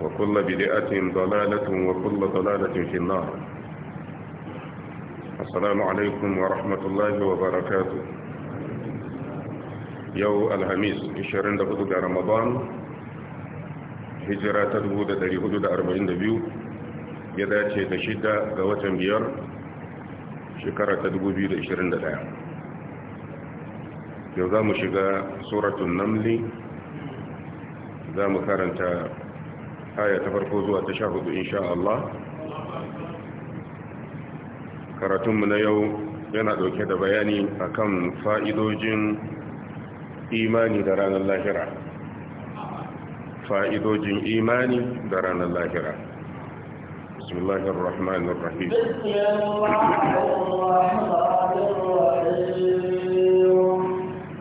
وكل بدئة ضلالة وكل ضلالة في النار السلام عليكم ورحمة الله وبركاته يو الهميس إشارين دا رمضان هجرة تدهو دا تريهدو دا أربعين دبيو يدا تشيد شدة غوة بيار شكرة تدهو بيو دا 21 يو دا مشيدا سورة النمل ذا مكارنتا aya ta farko zuwa ta sha hudu insha Allah karatunmu na yau yana dauke da bayani akan fa'idojin imani da ranar lahira fa'idojin imani da ranar lahira بسم الله الرحمن الرحيم بسم الله الرحمن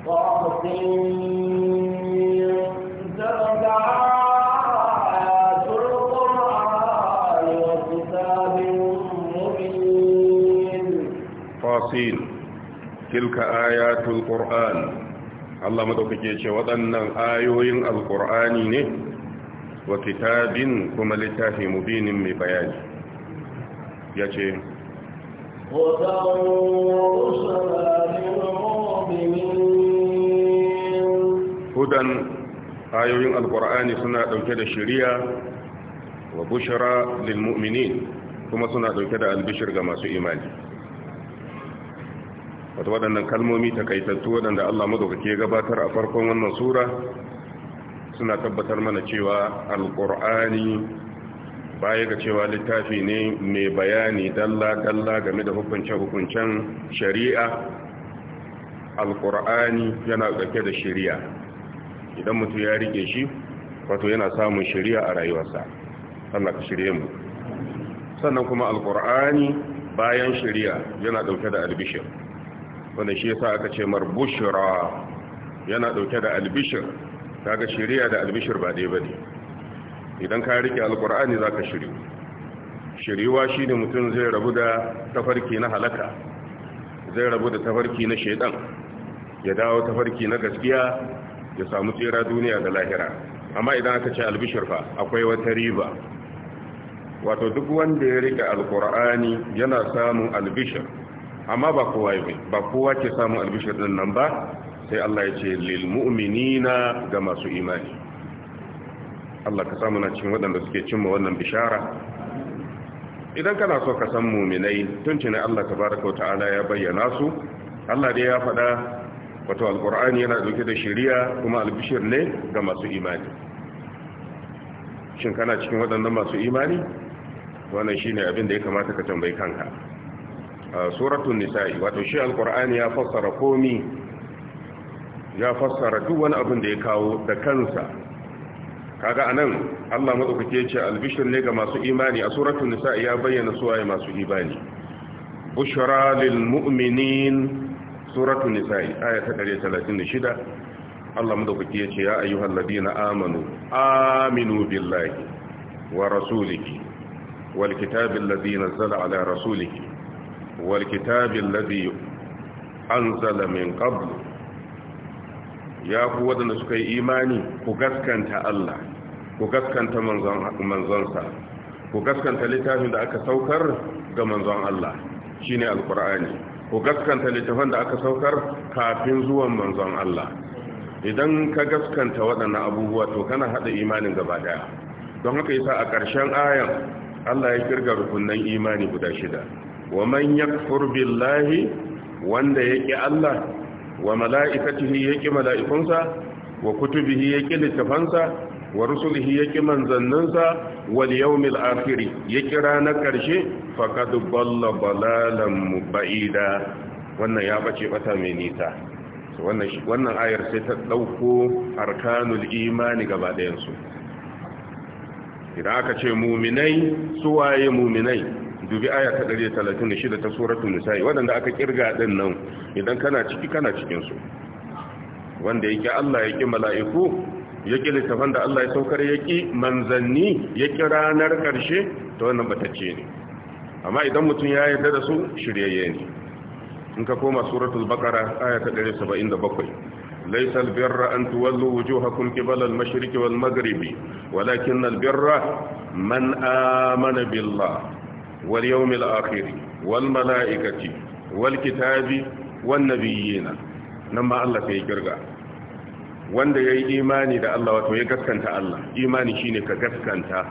الرحيم tilka ayatul qur'an Allah madaukake ce waɗannan ayoyin alqur'ani ne wa kitabin kuma littafi mubinin mai bayani yace hudan ayoyin alqur'ani suna dauke da shari'a wa bushra lil mu'minin kuma suna dauke da albishir ga masu imani wata waɗannan kalmomi takaitattu waɗanda Allah madaukake gabatar a farkon wannan sura suna tabbatar mana cewa alƙur'ani baya ga cewa littafi ne mai bayani dalla-dalla game da hukuncen-hukuncen shari'a alƙur'ani yana ɗauke da shari'a idan mutum ya rike shi wato yana samun shari'a a rayuwarsa sannan ka shirye mu sannan kuma alƙur'ani bayan shari'a yana ɗauke da albishir wanda shi yasa aka ce mar bushra yana dauke da albishir kaga shari'a da albishir ba dai bane idan ka rike alqur'ani zaka shiri shiriwa shine mutum zai rabu da tafarki na halaka zai rabu da tafarki na shaidan ya dawo tafarki na gaskiya ya samu tsira duniya da lahira amma idan aka ce albishir fa akwai wata riba wato duk wanda ya rike alqur'ani yana samun albishir amma ba kowa yi ba kowa ke samun albishir din nan ba sai Allah ya ce lil mu'minina ga masu imani Allah ka samu na cikin waɗanda suke cimma wannan bishara idan kana so ka san muminai tun ne Allah tabaraka wa ta'ala ya bayyana su Allah dai ya faɗa wato Alkur'ani yana dauke da shari'a kuma albishir ne ga masu imani shin kana cikin waɗannan masu imani wannan shine abin da ya kamata ka tambayi kanka suratun nisa'i wato shi alqur'ani ya fassara komi ya fassara duk wani abin da ya kawo da kansa kaga anan Allah madaukake ya ce albishir ne ga masu imani a suratun nisa'i ya bayyana su waye masu imani bushra lil mu'minin suratul nisa'i aya ta 136 Allah madaukake ya ce ya ayyuhal ladina amanu aminu billahi wa rasulihi wal kitabil ladzi nazzala ala rasulihi wal kitabil ladhi anzala min qabl ya ku wadanda suka yi imani ku gaskanta Allah ku gaskanta manzon manzonsa ku gaskanta littafin da aka saukar ga manzon Allah shine alqur'ani ku gaskanta littafin da aka saukar kafin zuwan manzon Allah idan ka gaskanta waɗannan abubuwa to kana hada imanin gaba daya don haka yasa a ƙarshen ayan Allah ya kirga rukunnan imani guda shida wa man yakfur billahi wanda yake Allah wa mala'ikatihi yake mala'ikunsa wa kutubihi yake littafansa wa rusulihi yake manzanninsa wal yawmil akhir yake ranar karshe faqad balla balalan ba'ida wannan ya bace bata mai nisa wannan ayar sai ta dauko arkanul imani gaba dayan su idan aka ce muminai suwaye muminai dubi aya ta 136 ta suratul nisa'i wadanda aka kirga din nan idan kana ciki kana cikin su wanda yake Allah yake mala'iku yake littafan da Allah ya saukar yake manzanni yake ranar karshe to wannan ce ne amma idan mutum ya yarda da su shiryayye ne in ka koma suratul baqara aya ta 177 ليس البر أن تولوا وجوهكم قبل المشرق walakin ولكن البر من آمن بالله wal الآخر والملائكة wal والنبيين wal kitabi في nabiyina nan ma Allah دا kirga wanda yayi imani da Allah wato ya gaskanta Allah imani shine ka gaskanta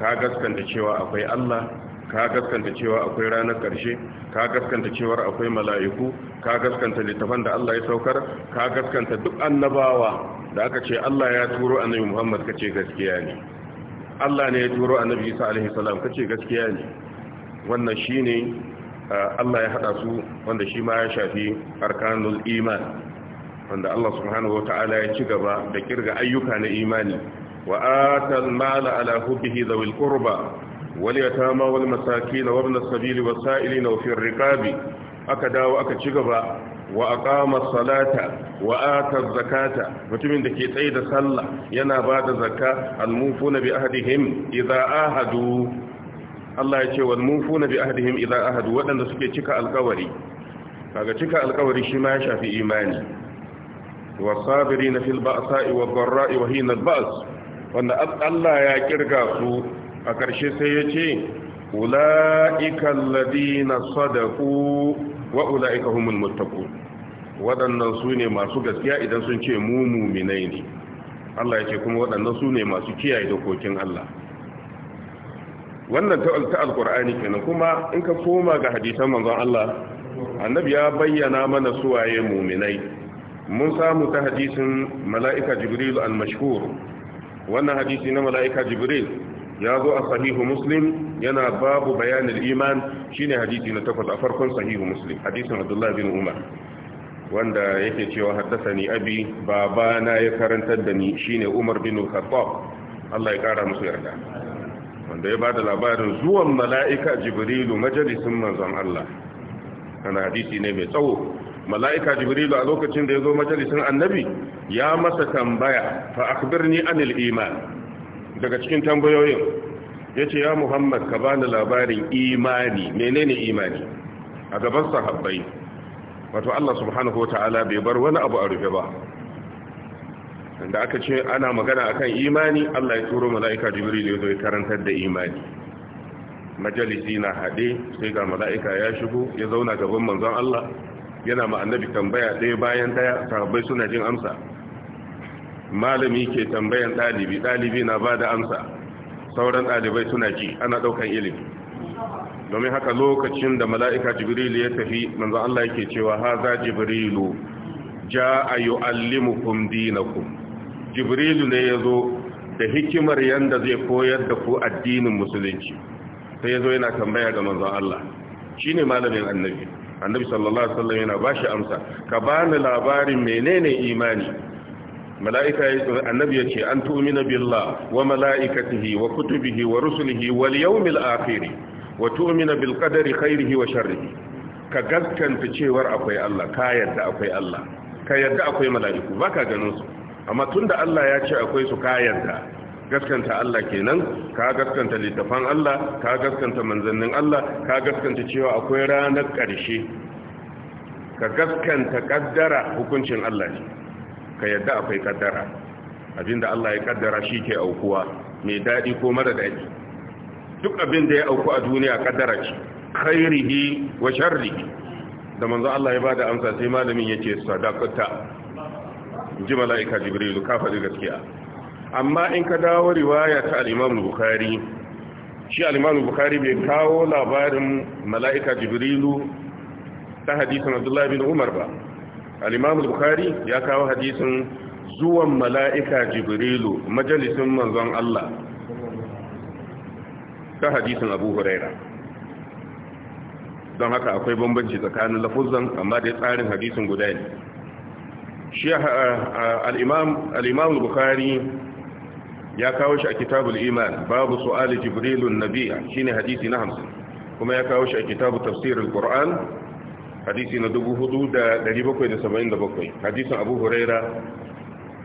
ka gaskanta cewa akwai Allah ka gaskanta cewa akwai ranar ƙarshe ka gaskanta cewa akwai mala'iku ka gaskanta littafan da Allah ya saukar ka gaskanta duk annabawa da aka ce Allah ya turo annabi Muhammad kace gaskiya ne Allah ne ya turo annabi Isa alaihi salam kace gaskiya ne wannan shine Allah ya haɗa su wanda shi ma ya shafi arkanul iman wanda Allah subhanahu wataala ya ci gaba da kirga ayyuka na imani wa atal mala ala hubbihi dhawil qurba wal yatama wal masakin wa ibn as-sabil wasailin wa fir riqabi aka dawo aka ci gaba wa aqama salata wa ata zakata mutumin da ke tsaye da sallah yana bada zakka al mufuna bi ahdihim idza ahadu Allah ya ce wani wal mufuna bi ahdihim idza ahadu waɗanda suke cika alƙawari daga cika alƙawari shi ma ya shafi imani na fil ba'sa'i wad dharra'i wa hina al-ba's wanda Allah ya kirga su a ƙarshe sai ya ce ula'ika alladina sadaku wa ula'ika humul muttaqun waɗannan su ne masu gaskiya idan sun ce mu muminai ne Allah ya ce kuma waɗannan su ne masu kiyaye dokokin Allah wannan ta alkur'ani kenan kuma in ka koma ga hadisan manzon Allah annabi ya bayyana mana suwaye muminai mun samu ta hadisin mala'ika jibril al-mashhur wannan hadisi na mala'ika jibril ya zo a sahihu muslim yana babu bayanin iman shine hadisi na takwas a farkon sahihu muslim hadisin abdullahi bin umar wanda yake cewa haddasa ni abi babana ya karantar da ni shine umar bin khattab Allah ya kara musu yarda wanda ya ba da labarin zuwan mala'ika jibrilu majalisun manzon Allah kana hadisi ne mai tsawo mala'ika jibrilu a lokacin da ya zo majalisin annabi ya masa tambaya fa akhbirni anil iman daga cikin tambayoyin ce ya muhammad ka bani labarin imani menene imani a gaban habbai. wato Allah subhanahu ta'ala bai bar wani abu a rufe ba da aka ce ana magana akan imani Allah ya turo mala'ika jibril ya zo ya karantar da imani majalisi na hade, sai ga mala'ika ya shigo ya zauna gaban manzon Allah yana ma annabi tambaya ɗaya bayan ɗaya sahabbai suna jin amsa malami ke tambayan ɗalibi ɗalibi na ba da amsa sauran ɗalibai suna ji ana ɗaukan ilimi domin haka lokacin da mala'ika jibril ya tafi manzon Allah yake cewa haza jibrilu ayu allimukum dinakum jibrilu ne ya zo da hikimar yanda zai koyar da ku addinin musulunci Ta ya zo yana tambaya ga manzon Allah shi ne malamin annabi annabi sallallahu alaihi yana ba shi amsa ka bani labarin menene imani mala'ika annabi ya ce an tu'mina billah wa mala'ikatihi wa kutubihi wa rusulihi wal yawmil akhir wa tu'mina bil qadari khairihi wa sharrihi ka gaskanta cewar akwai Allah ka yadda akwai Allah ka yadda akwai mala'iku baka ganin su amma tun da Allah ya ce akwai su kayanta gaskanta Allah kenan ka gaskanta littafan Allah ka gaskanta manzannin Allah ka gaskanta cewa akwai ranar ƙarshe ka gaskanta kaddara hukuncin Allah ne ka yadda akwai kaddara abinda Allah ya kaddara shi ke aukuwa mai daɗi ko mara daɗi duk abin da ya auku a duniya kaddara ce khairihi wa sharrihi da manzo Allah ya bada amsa sai malamin yace sadaqata ji mala'ika jibrilu ka faɗi gaskiya amma in ka dawo riwaya ta al'imamu bukari shi al'imamu bukari bai kawo labarin mala'ika jibrilu ta hadisun abdullahi bin umar ba al'imamu bukari ya kawo hadisun zuwan mala'ika jibrilu majalisun manzon Allah ta hadisun abu huraira don haka akwai bambanci tsakanin lafuzan amma dai tsarin hadisun guda ne shi al bukhari ya kawo shi a kitabul iman babu su'ali jibrilun nabiya shine hadisi na hamsin kuma ya kawo shi a kitabu tafsirin qur'an hadisi na 4777 hadisin abu huraira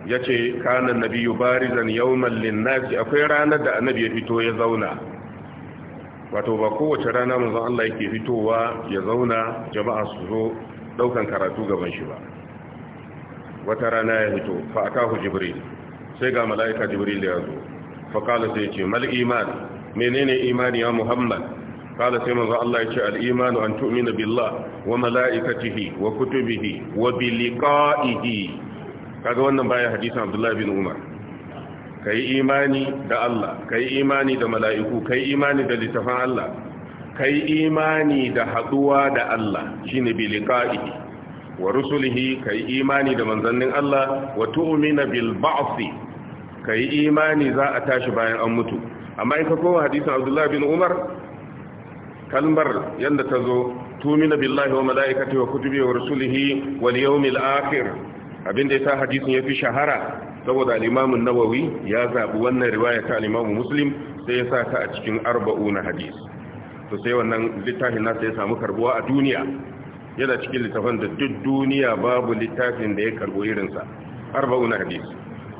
yace kana nabiyyu barizan yawman lin akwai ranar da annabi ya fito ya zauna wato ba kowace rana manzon Allah yake fitowa ya zauna jama'a su zo ɗaukan karatu gaban shi ba wata rana ya fito fa akahu jibril sai ga mala'ika jibril ya zo fa kala sai ce mal iman menene imani ya muhammad kala sai manzo Allah ya ce al imanu an tu'mina billah wa mala'ikatihi wa kutubihi wa bi liqa'ihi kaga wannan baya hadisin abdullahi bin umar kai imani da Allah kai imani da mala'iku kai imani da littafin Allah kai imani da haduwa da Allah shine bi liqa'ihi wa rusulihi yi imani da manzannin Allah wa tu'mina bil ka yi imani za a tashi bayan an mutu amma in ka kowa hadisin Abdullahi bin Umar kalmar yadda ta zo tu'mina billahi wa malaikatihi wa kutubihi wa rusulihi wal yawmil akhir abinda yasa hadisin yafi shahara saboda al-Imam an-Nawawi ya zabi wannan riwaya ta al-Imam Muslim sai ya sa ta a cikin arba'una hadisi. to sai wannan littafin nasa ya samu karbuwa a duniya yana cikin littafin da duk duniya babu littafin da ya karbo irinsa arba'un hadis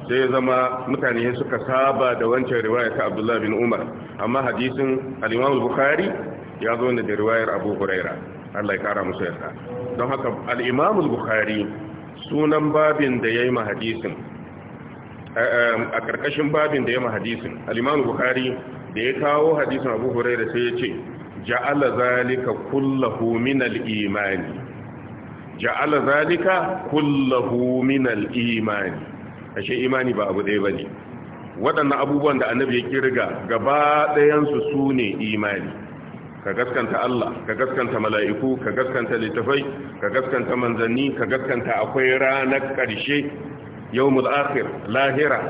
sai ya zama mutane suka saba da wancan riwaya ta abdullahi bin umar amma hadisin al-imam bukhari ya zo ne da riwayar abu huraira Allah ya kara musu yarda don haka al-imam bukhari sunan babin da yayi ma hadisin eh, eh, a karkashin babin da yayi ma hadisin al-imam bukhari da ya kawo hadisin abu huraira sai ya ce ja'ala zalika kullahu min imani ja'ala zalika imani ashe imani ba abu ɗaya ba bane waɗannan abubuwan da annabi ya kirga gaba ɗayan sune imani ka gaskanta Allah ka gaskanta mala'iku ka gaskanta littafai ka gaskanta manzanni ka gaskanta akwai ranar ƙarshe yau akhir lahira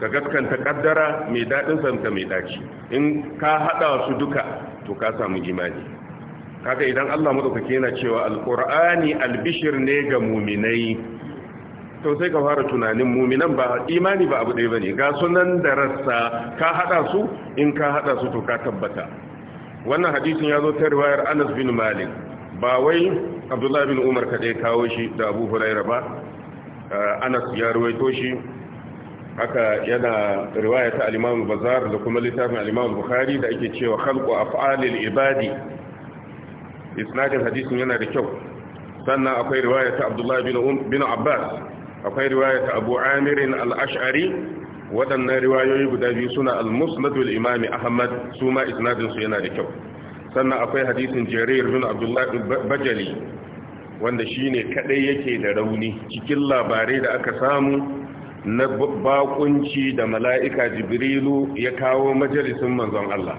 ka gaskanta kaddara mai daɗin santa mai daci in ka haɗa su duka to ka samu imani kaga idan Allah madaukake yana cewa alqur'ani albishir ne ga muminai to sai ka fara tunanin muminan ba imani ba abu ɗaya bane ga sunan da rassa ka haɗa su in ka haɗa su to ka tabbata wannan hadisin ya zo ta riwayar Anas bin Malik ba wai Abdullah bin Umar kaɗai kawo shi da Abu Hurairah ba Anas ya ruwaito shi haka yana riwaya ta al Bazar da kuma littafin al Bukhari da ake cewa halko a af'alil ibadi isnadin hadisin yana da kyau sannan akwai riwaya ta Abdullahi um, bin Abbas akwai riwaya ta Abu Amir al-Ash'ari waɗannan riwayoyi guda biyu suna al-Musnad wal Imam Ahmad su ma isnadin yana da kyau sannan akwai hadisin Jarir bin Abdullahi Bajali wanda shi ne kadai yake da rauni cikin labarai da aka samu na bakunci da mala'ika jibrilu ya kawo majalisun manzon Allah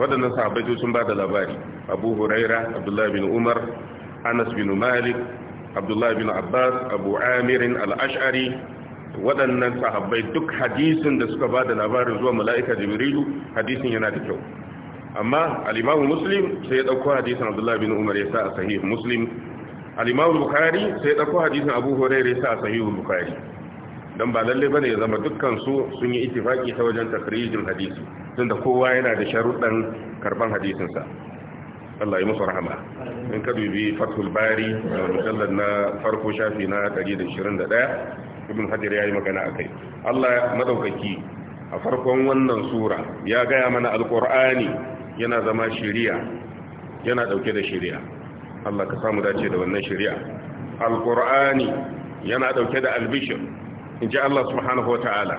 waɗannan sahabbai sun ba da labari abu huraira abdullahi bin umar anas bin malik abdullahi bin abbas abu amirin al'ash'ari waɗannan sahabbai duk hadisin da suka ba da labarin zuwa mala'ika jibrilu hadisin yana da kyau amma al'imamu muslim sai ya ɗauko hadisin abdullahi bin umar ya sa a sahih muslim al'imamu bukari sai ya ɗauko hadisin abu huraira ya sa a sahih bukari don ba lalle bane ya zama dukkan su sun yi ittifaki ta wajen takrijin hadisi da kowa yana da sharuɗan karban hadisin sa Allah ya musu rahama in ka dubi Fathul Bari mujallad na farko shafi na 121 Ibn Hajar yi magana akai Allah madaukaki a farkon wannan sura ya gaya mana alqur'ani yana zama shari'a yana dauke da shari'a Allah ka samu dace da wannan shari'a alqur'ani yana dauke da albishir in ji Allah subhanahu wa ta'ala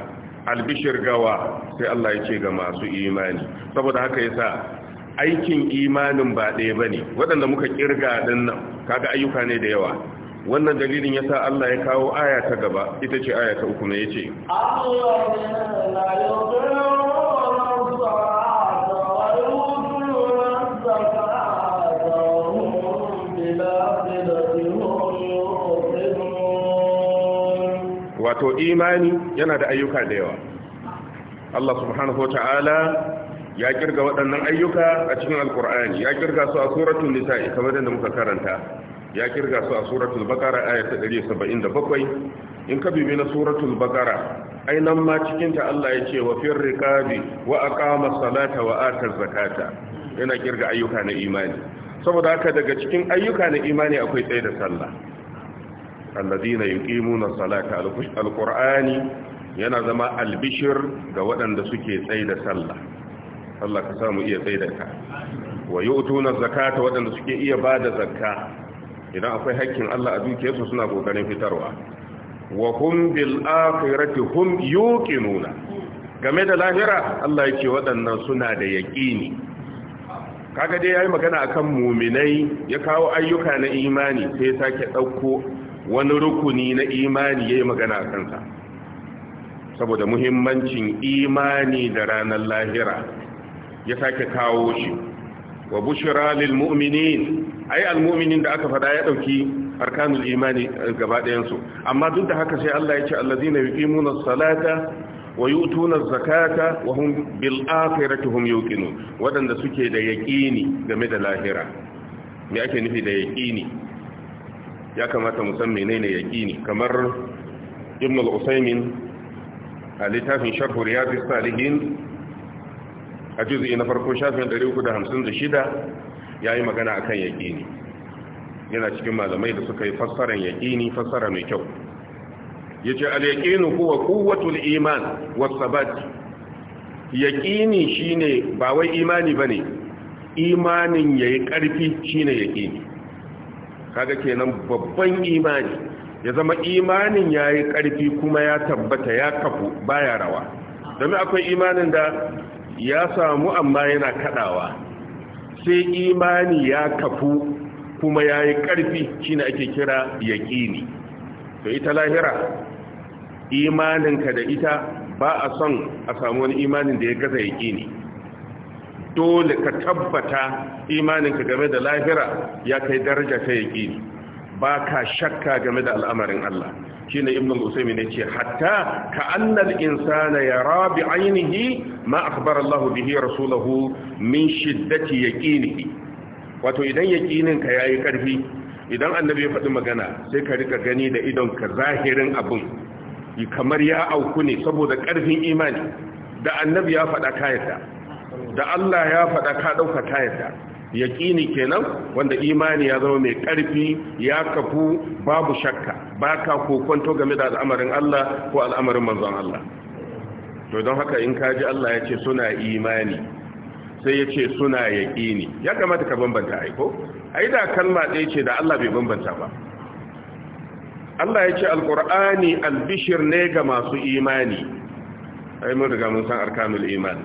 albishir gawa sai Allah ya ce ga masu imani saboda haka yasa aikin imanin ba ɗaya ba ne waɗanda muka ƙirga ɗin nan kaga ayyuka ne da yawa wannan dalilin ya sa Allah ya kawo aya ta gaba ita ce aya ta uku ne ya ce wato imani yana da ayyuka da yawa Allah subhanahu wata'ala ya kirga waɗannan ayyuka a cikin alkur'ani ya kirga su a suratun nisa'i kamar yadda muka karanta ya kirga su a suratul baqara ayat 177 in ka bibi na suratul baqara ainan ma cikin ta Allah ya ce wa fir riqabi wa aqama salata wa ata zakata yana kirga ayyuka na imani saboda haka daga cikin ayyuka na imani akwai tsaye da sallah alladina yuqimuna salata alqur'ani yana zama albishir ga waɗanda suke tsaye da sallah Allah ka samu iya tsaye da ka wa yu'tuna zakata waɗanda suke iya bada zakka idan akwai hakkin Allah a su suna kokarin fitarwa wa hum bil akhirati hum yuqinuna game da lahira Allah yake waɗannan suna da yaqini kaga dai yayi magana akan mu'minai ya kawo ayyuka na imani sai sake dauko wani rukuni na imani ya yi magana a kansa saboda muhimmancin imani da ranar lahira ya sake kawo shi wa bushira lil ai al da aka fada ya dauki arkanul imani eh, gabaɗayansu amma duk da haka sai Allah ya ce allazina yuqimuna salata wa yutuna zakata wa hum bil akhirati yuqinun wadanda suke da yaqini game da lahira me ake nufi da yaqini ya kamata mu san menene yaqini kamar ibn al-usaymin a littafin sharh salihin a juz'i na farko shafin 356 yayi magana akan yaqini yana cikin malamai da suka yi fassarar yaqini fassara mai kyau yace al-yaqinu huwa quwwatul iman was sabat yaqini shine ba wai imani bane imanin yayi karfi shine yaqini kaga kenan babban imani ya zama imanin ya yi ƙarfi kuma ya tabbata ya kafu baya rawa domin akwai imanin da ya samu amma yana kaɗawa sai imani ya kafu kuma ya yi ƙarfi shi ake kira yaƙini to ita lahira imaninka da ita ba a son a samu wani imanin da ya gaza yaƙini dole ka tabbata imaninka game da lahira ya kai daraja ta yaqini ba ka shakka game da al'amarin Allah shine ibnu al-usaymin ce hatta ka annal insana ya Rabi ainihi ma akhbara Allah bihi rasuluhu min shiddati yaqinihi wato idan yaqinin ka yayi karfi idan annabi ya faɗi magana sai ka rika gani da idon ka zahirin abun kamar ya auku ne saboda karfin imani da annabi ya faɗa kayata da Allah ya faɗa ka ɗauka ta yadda yaƙini kenan wanda imani ya zama mai ƙarfi ya kafu babu shakka ba ka kokonto game da al'amarin Allah ko al'amarin manzon Allah to don haka in ka ji Allah ya ce suna imani sai ya ce suna yaƙini ya kamata ka bambanta aiko ai da kalma ɗaya ce da Allah bai bambanta ba Allah ya ce alƙur'ani albishir ne ga masu imani ai mun riga mun san arkanul imani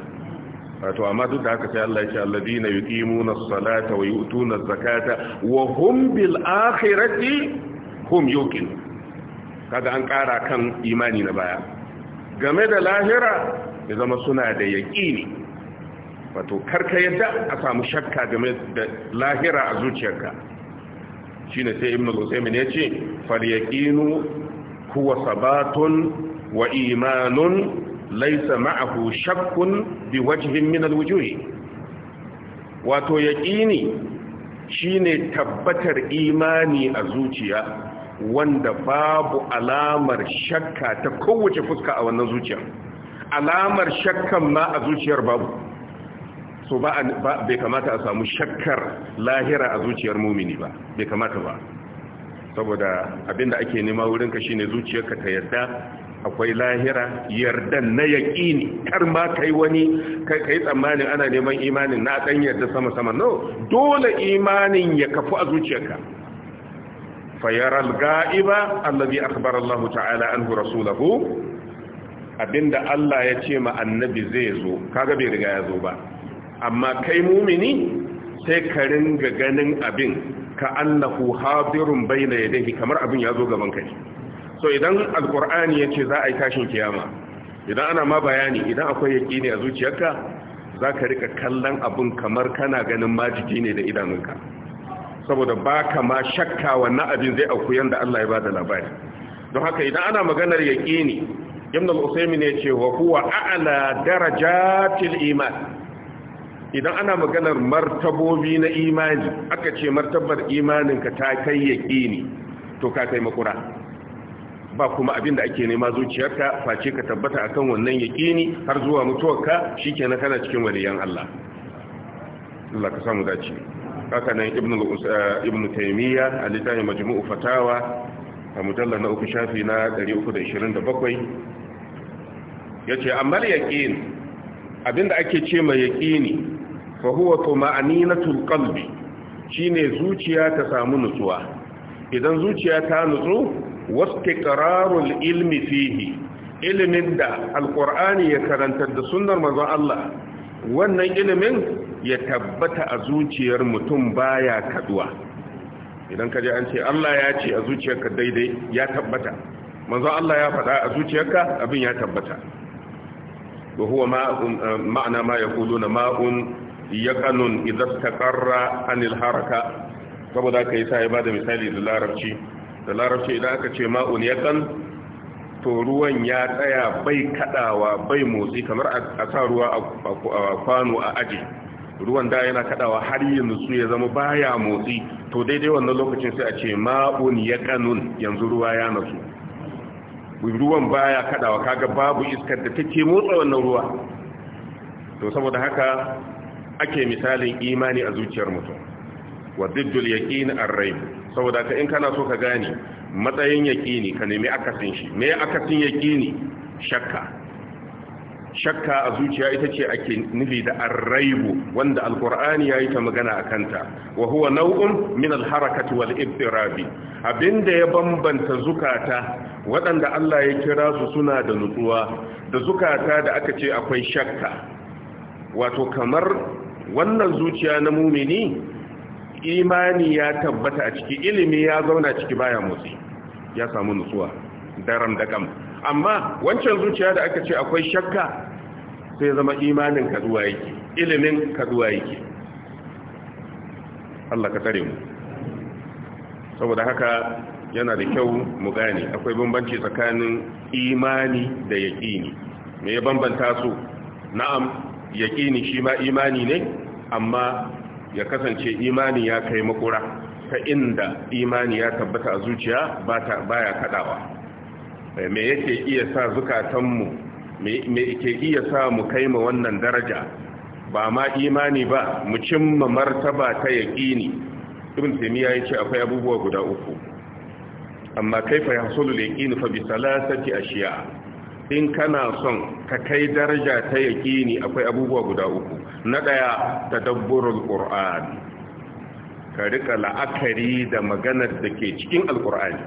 wato amma duk da haka sai Allah ya ce alladina yuqimuna as-salata wa yu'tuna az-zakata wa hum bil akhirati hum yuqin kaga an kara kan imani na baya game da lahira ya zama suna da yaqini wato karka yadda a samu shakka game da lahira a zuciyarka shine sai Ibn al-usaymin yace fal yaqinu huwa sabatun wa imanun laisa ma'ahu shakkun bi wajhin min alwujuhi wato yaqini shine tabbatar imani a zuciya wanda babu alamar shakka ta kowace fuska a wannan zuciya alamar shakkan ma a zuciyar babu so ba bai kamata a samu shakkar lahira a zuciyar mumini ba bai kamata ba saboda abinda ake nema wurinka shine zuciyarka ta yarda akwai lahira yardan na yaƙini kar ma kai wani kai tsammanin ana neman imanin na ɗan yarda sama-sama no dole imanin ya kafu a zuciyarka fayaral ga'iba allazi akhbara Allah ta'ala anhu rasulahu abinda Allah ya ce ma annabi zai zo kaga bai riga ya zo ba amma kai mumini sai ka ringa ganin abin ka annahu hadirun bayna yadayhi kamar abin ya zo gaban kai to idan alkur'ani ya ce za a yi tashin kiyama idan ana ma bayani idan akwai yaƙini a zuciyarka za ka rika kallon abin kamar kana ganin majiki ne da idanunka saboda ba ka ma shakka wannan abin zai auku yadda Allah ya ba da labari don haka idan ana maganar yaƙini ibn al-usaymin yace ce wa huwa a'la darajatil iman idan ana maganar martabobi na imani aka ce martabar imaninka ta kai yaƙini to ka kai makura ba kuma abin da ake nema zuciyarka face ka tabbata akan wannan yaƙini har zuwa mutuwarka shikenan kana cikin waliyan Allah Allah ka samu dace haka nan ibn eh, ibn taymiya a majmu'u fatawa a mujallar na uku shafi na 327 yace amma yaqin abinda ake ce mai yaqini fa huwa tuma'aninatul qalbi shine zuciya ta samu nutsuwa idan zuciya ta nutsu wastiqrarul ilmi fihi ilimin da Alƙur'ani ya karantar da sunnar manzon Allah wannan ilimin ya tabbata a zuciyar mutum baya kaduwa idan ka ji an ce Allah ya ce a zuciyarka daidai ya tabbata manzon Allah ya faɗa a zuciyarka abin ya tabbata wa huwa ma'ana ma yaquluna ma'un yaqanun idza istaqarra anil haraka saboda kai sai ba da misali da larabci da larabci idan aka ce ma'un yakan to ruwan ya tsaya bai kadawa bai motsi kamar a sa ruwa a kwano a aji ruwan da yana kadawa har yanzu ya zama baya motsi to daidai wannan lokacin sai a ce ma'un kanun yanzu ruwa ya nasu ruwan baya kadawa kaga babu iskar da take motsa wannan ruwa to saboda haka ake misalin imani a zuciyar mutum wa diddul yaqin ar-rayb saboda ka in kana so ka gane matsayin yakini ka nemi akasin shi me akasin yaƙini shakka shakka a zuciya ita ce ake nufi da arraibu wanda alkur'ani ya yi ta magana a kanta wa huwa nau'un min alharakati wal ibtirabi abinda ya bambanta zukata waɗanda Allah ya kira su suna da nutsuwa da zukata da aka ce akwai shakka wato kamar wannan zuciya na mumini imani ya tabbata a ciki ilimi ya zauna ciki baya motsi ya samu nutsuwa daram da kam amma wancan zuciya da aka ce akwai shakka sai zama imanin kaduwa yake ilimin kaduwa yake Allah ka tare mu saboda haka yana da kyau mu gane akwai bambanci tsakanin imani da yaƙini me ya bambanta su na'am yaƙini shi ma imani ne amma ya kasance imani ya kai makura ta inda imani ya tabbata a zuciya baya kadawa eh, me yake iya sa zukatanmu me yake iya sa mu kai ma wannan daraja ba ma imani ba mu cimma martaba ta yaqini ibn taymiya yace akwai abubuwa guda uku amma kaifa yahsulu al-yaqin fa bi salasati ashiya' in kana son ka kai daraja ta yaƙini akwai abubuwa guda uku na ɗaya ta dabburin ƙur'ani ka riƙa la'akari da maganar da ke cikin alƙur'ani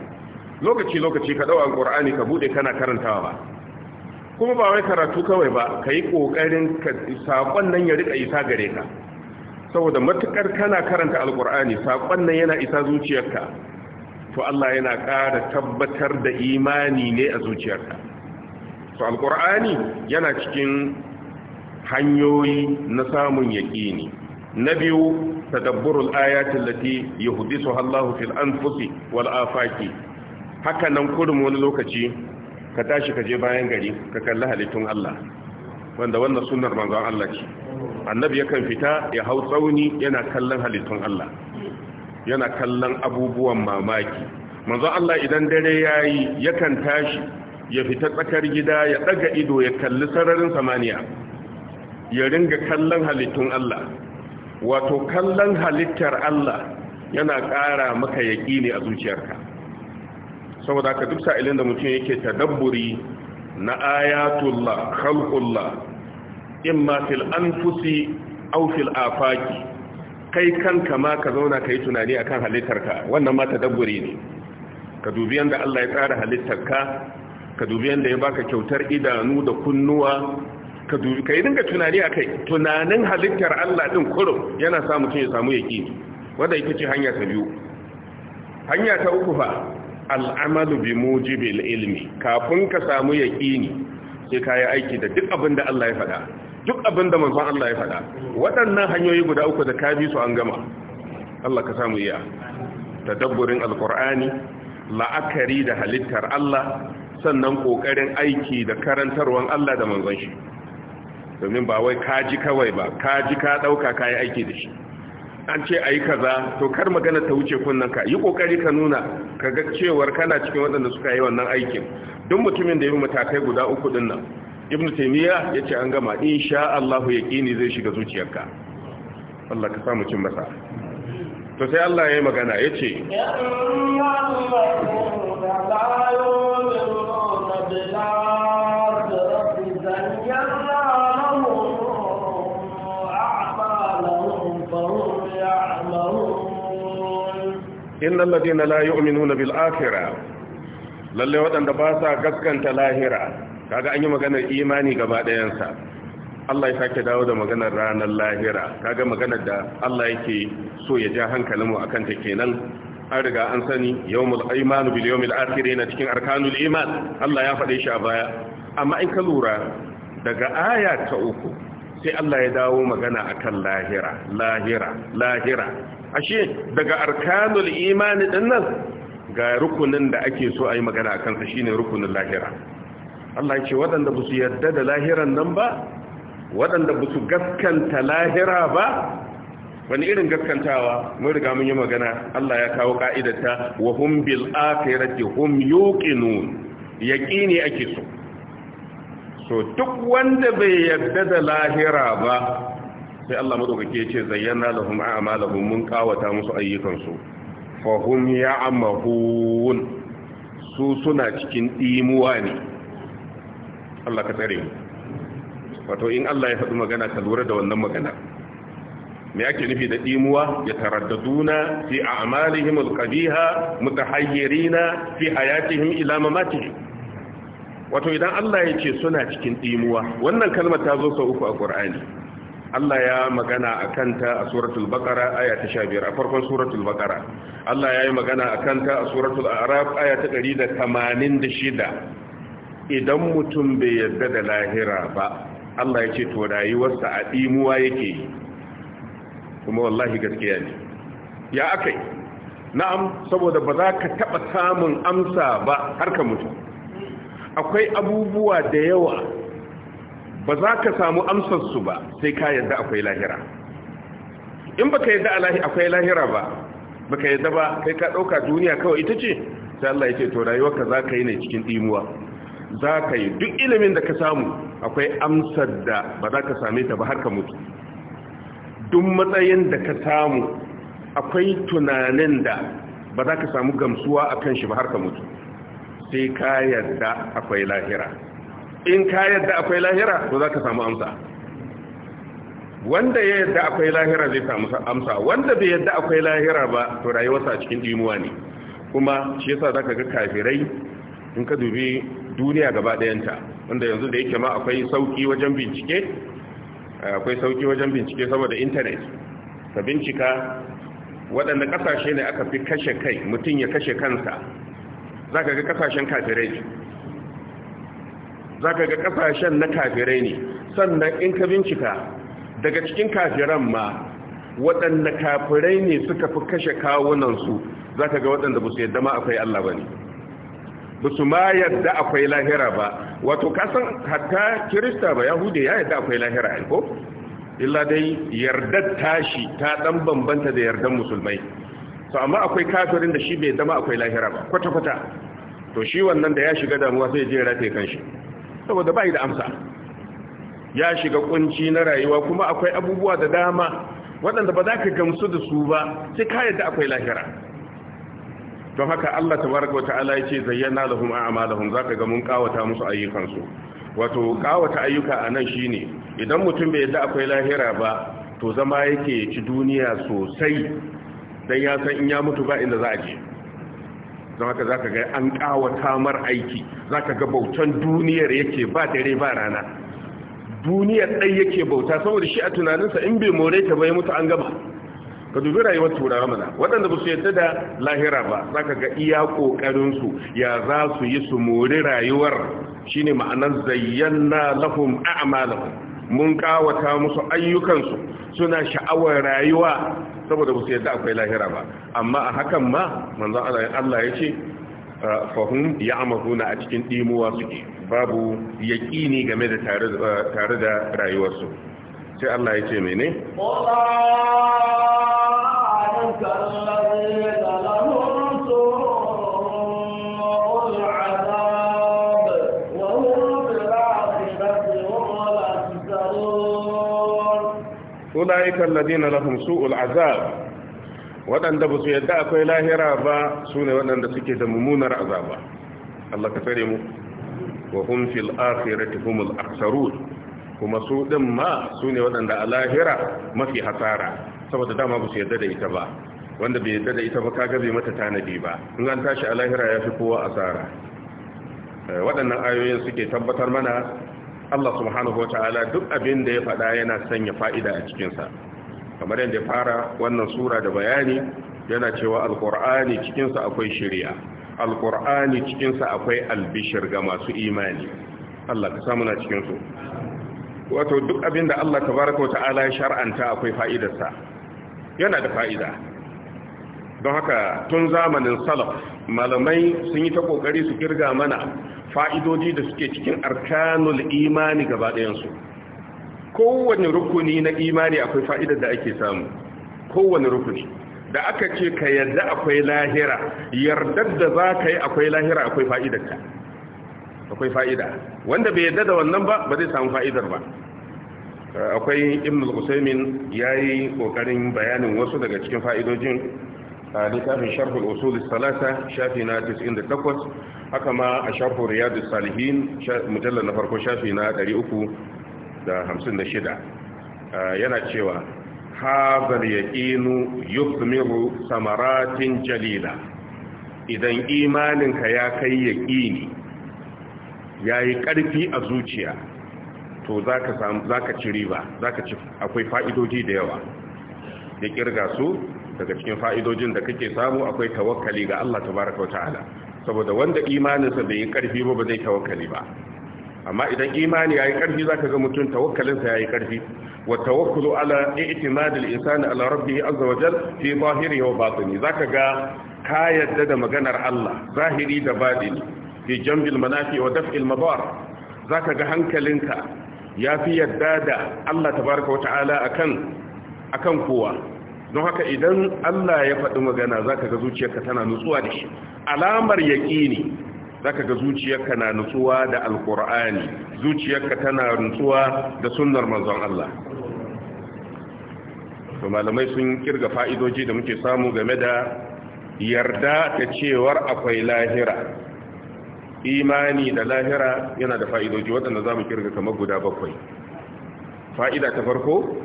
lokaci-lokaci ka ɗau alƙur'ani ka buɗe kana karantawa ba kuma ba wai karatu kawai ba ka yi ƙoƙarin saƙon nan ya riƙa isa gare ka saboda matuƙar kana karanta alƙur'ani saƙon nan yana isa zuciyarka to Allah yana ƙara tabbatar da imani ne a zuciyarka to alkur'ani yana cikin hanyoyi na samun yaƙini na biyu tadabburul ayatin lati yahudisu Allahu fil anfusi wal afaki haka nan kurum wani lokaci ka tashi ka je bayan gari ka kalli halittun Allah wanda wannan sunnar manzon Allah ce annabi yakan fita ya hau tsauni yana kallon halittun Allah yana kallon abubuwan mamaki manzon Allah idan dare yayi yakan tashi ya fita tsakar gida ya daga ido ya kalli sararin samaniya ya ringa kallon halittun Allah wato kallon halittar Allah yana ƙara maka yaƙini a zuciyarka saboda ka duk sa'ilin da mutum yake tadabburi na ayatullah khalqullah imma fil anfusi aw fil afaki kai kanka ma ka zauna ka yi tunani akan halittarka wannan ma tadabburi ne ka dubi yanda Allah ya tsara halittarka ka dubi yadda ya baka kyautar idanu da kunnuwa ka dubi ka yi dinga tunani a kai. tunanin halittar Allah ɗin kurum yana sa mutum ya samu yaki wanda ita ce hanya ta biyu hanya ta uku fa al'amalu bi mujibil ilmi kafin ka samu yaƙini sai yi aiki da duk abin da Allah ya faɗa duk abin da manzon Allah ya faɗa waɗannan hanyoyi guda uku da ka bi su an gama Allah ka samu iya tadabburin alqur'ani la'akari da halittar Allah sannan kokarin aiki da karantarwan Allah da manzon shi domin ba wai kaji kawai ba kaji ka dauka kai aiki da shi an ce ayi kaza to kar magana ta wuce kunnan ka yi kokari ka nuna kaga cewar kana cikin waɗanda suka yi wannan aikin duk mutumin da ya yi matakai guda uku din nan ibn taymiya yace an gama insha Allah yaqini zai shiga zuciyarka Allah ka samu cin masa to sai Allah ya yi magana yace ya بالآخرة زينا لهم أعمالهم فهم يعملون إن lalle waɗanda ba sa gaskanta lahira kaga an yi maganar imani gaba ɗayansa Allah ya sake dawo da maganar ranar lahira kaga maganar da Allah yake so ya ja hankalinmu akan ta kenan an riga an sani yawmul iman bil yawmil akhir yana cikin arkanul iman Allah ya faɗi shi a baya amma in ka lura daga aya ta uku sai Allah ya dawo magana akan lahira lahira lahira ashe daga arkanul iman din nan ga rukunin da ake so a yi magana akan sa shine rukunin lahira Allah ya ce waɗanda ba su yarda da lahiran nan ba waɗanda ba su gaskanta lahira ba wani irin gaskantawa mun riga mun yi magana Allah ya kawo ka'idata wa hum bil akhirati hum yuqinun yaqini ake so so duk wanda bai yarda da lahira ba sai Allah madaukake ya ce zayyana lahum a'malahum mun kawata musu ayyukansu fa hum ya'mahun su suna cikin dimuwa ne Allah ka tsare wato in Allah ya faɗi magana ka lura da wannan magana me ake nufi da ɗimuwa ya taraddaduna fi a'malihim alqabiha mutahayyirina fi hayatihim ila mamatihim wato idan Allah ya ce suna cikin ɗimuwa, wannan kalmar ta zo sau uku a Qur'ani Allah ya magana a kanta a suratul baqara aya ta 15 a farkon suratul baqara Allah ya yi magana a kanta a suratul a'raf aya ta shida. idan mutum bai yarda da lahira ba Allah ya ce to rayuwarsa a ɗimuwa yake yi kuma wallahi gaskiya ne ya akai na'am saboda ba za ka taba samun amsa ba har ka mutu akwai abubuwa da yawa ba za ka samu amsarsu ba sai ka yadda akwai lahira in baka yadda akwai lahira ba baka yadda ba kai ka ɗauka duniya kawai ita ce sai Allah ya ce to rayuwarka za ka yi ne cikin ɗimuwa za ka yi duk ilimin da ka samu akwai amsar da ba za ka same ta ba har ka mutu duk matsayin da ka samu akwai tunanin da ba za ka samu gamsuwa a kan shi ba har ka mutu sai ka yadda akwai lahira in ka yadda akwai lahira to za ka samu amsa wanda ya yadda akwai lahira zai samu amsa wanda bai yadda akwai lahira ba to rayuwarsa cikin dimuwa ne kuma shi yasa ka ga kafirai in ka dubi duniya gaba ɗayanta wanda yanzu da yake ma akwai sauki wajen bincike akwai sauki wajen bincike saboda intanet ka bincika waɗanda ƙasashe ne aka fi kashe kai mutum ya kashe kansa za ka ga ƙasashen kafirai za ka ga ƙasashen na kafirai ne sannan in ka bincika daga cikin kafiran ma waɗanda kafirai ne suka fi kashe kawunansu za ka ga waɗanda ba su yadda ma akwai Allah ba ne ba su ma yadda akwai lahira ba wato kasan hatta kirista ba yahudi ya yadda akwai lahira ko? illa dai yardar tashi ta dan bambanta da yardar musulmai to amma akwai kafirin da shi bai dama akwai lahira ba kwata-kwata to shi wannan da ya shiga damuwa sai je kan shi saboda bai da amsa ya shiga kunci na rayuwa kuma akwai abubuwa da dama waɗanda ba za ka gamsu da su ba sai ka yadda akwai lahira don haka Allah tabaraka wa ta'ala yace zayyana lahum a'malahum zaka ga mun kawata musu ayyukansu wato kawata ayyuka anan shine idan mutum bai yadda akwai lahira ba to zama yake ci duniya sosai dan ya san in ya mutu ba inda za a je don haka zaka ga an kawata mar aiki zaka ga bautan duniyar yake ba dare ba rana duniyar dai yake bauta saboda shi a tunaninsa in bai more ta bai mutu an gaba ka dubi rayuwar turawa mana waɗanda ba su yadda da lahira ba za ka ga iya ƙoƙarinsu ya za su yi su mori rayuwar shine ma'anar zayyana lahum a'malahum mun kawata musu ayyukansu suna sha'awar rayuwa saboda ba su yadda akwai lahira ba amma a hakan ma alayin Allah ya ce ah, fahim ya na a cikin ɗimuwa suke babu yaƙini game da tare da rayuwarsu sai Allah ya ce mene أولئك الذين لهم سوء العذاب waɗanda ba su yadda akwai lahira ba su ne waɗanda suke da mummunar azaba Allah ka tsare mu wa hum fil akhirati humul kuma su ɗin ma su ne waɗanda a lahira mafi hasara saboda dama ba su yarda da ita ba wanda bai yarda da ita ba kaga bai mata tanadi ba in an tashi a lahira ya fi kowa asara eh, waɗannan ayoyin suke tabbatar mana Allah subhanahu wata'ala duk abin da ya faɗa yana sanya fa'ida a cikinsa kamar yadda ya fara wannan sura da bayani yana cewa alƙur'ani cikinsa akwai shirya alƙur'ani cikinsa akwai albishir ga masu imani Allah ka samu cikinsu wato duk abin da Allah ta wa ta'ala ya shar'anta akwai fa'idarsa yana da fa'ida don haka tun zamanin salaf malamai sun yi ta ƙoƙari su kirga mana fa'idodi da suke cikin arkanul imani gaba ɗayansu kowane rukuni na imani akwai fa'idar da ake samu kowane rukuni da aka ce ka yarda akwai lahira yardar da za ka yi akwai lahira akwai fa'idarta akwai fa'ida wanda bai yadda da wannan ba ba zai samu fa'idar ba akwai ibn al ya yayi kokarin bayanin wasu daga cikin fa'idojin a littafin sharhul usul salasa shafi na 98 haka ma a sharhu riyadus salihin mujallar na farko shafi na 356 yana cewa hazal yaqinu yuthmiru samaratin jalila idan imaninka ya kai yaƙini. ya yi ƙarfi a zuciya to za ka ci riba za ka ci akwai fa'idoji da yawa ya ƙirga su daga cikin fa'idojin da kake samu akwai tawakkali ga Allah ta baraka saboda wanda imaninsa bai yi ƙarfi ba ba zai tawakkali ba amma idan imani ya yi ƙarfi za ka ga mutum tawakkalinsa ya yi ƙarfi wa tawakkulu ala i'timadil insani ala rabbihi azza wa jal fi zahiri wa batini za ka ga ka yadda da maganar Allah zahiri da batini fi jambil manafi wa daf'il madar zaka ga hankalinka yafi yadda da Allah tabaaraka wata'ala akan akan kowa don haka idan Allah ya faɗi magana zaka ga zuciyarka tana nutsuwa da shi alamar yaqini zaka ga zuciyarka na nutsuwa da alqur'ani zuciyarka tana nutsuwa da sunnar manzon Allah to malamai sun kirga fa'idoji da muke samu game da yarda da cewar akwai lahira imani da lahira yana da fa'idoji waɗanda za mu kirga kamar guda bakwai fa'ida ta farko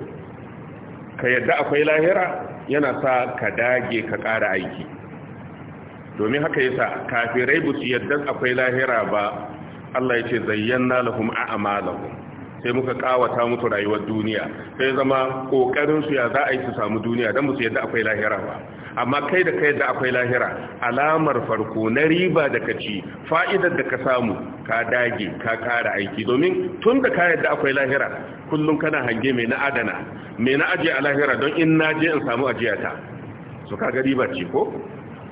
ka yadda akwai lahira yana sa ka dage ka ƙara aiki domin haka yasa kafirai ba su yadda akwai lahira ba Allah ya ce zayyana lahum a'malahum sai muka kawata mutu rayuwar duniya sai zama ƙoƙarinsu su ya za a yi su samu duniya don musu yadda akwai lahira ba amma kai da kai da akwai lahira alamar farko na riba da kaci fa'idar da ka samu ka dage ka kara aiki domin tun da ka da akwai lahira kullum kana hange mai na adana mai na ajiye a lahira don in na je in samu ajiyata su kaga riba ce ko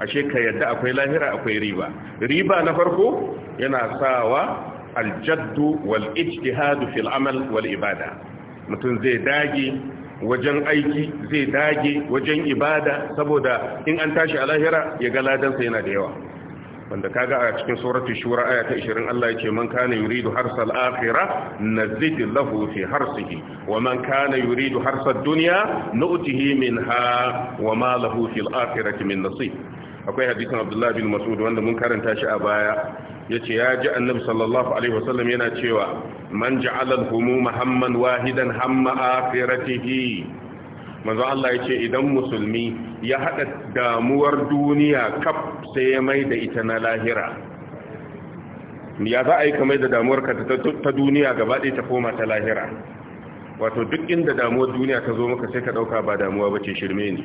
ashe ka yadda akwai lahira akwai riba riba na farko yana sawa aljaddu wal ijtihadu fil amal wal ibada mutum zai dage wajen aiki zai dage wajen ibada saboda in an tashi a lahira ya ga ladansa yana da yawa wanda kaga a cikin suratul shura aya ta 20 Allah yake man kana yuridu harsal akhirah nazid lahu fi harsihi wa man kana yuridu harsad dunya nu'tihi minha wa ma lahu fil akhirati min nasib akwai hadisin abdullahi bin masud wanda mun karanta shi a baya Ya ce ya ji annabi sallallahu alaihi wasallam yana cewa man ja'ala al-humum hamman wahidan hamma akhiratihi manzo Allah yace idan musulmi ya hada damuwar duniya kaf sai ya mai da ita na lahira ya za a yi kamar da damuwar ka ta duniya gaba ɗaya ta koma ta lahira wato duk inda damuwar duniya ta zo maka sai ka ɗauka ba damuwa ba ce shirme ne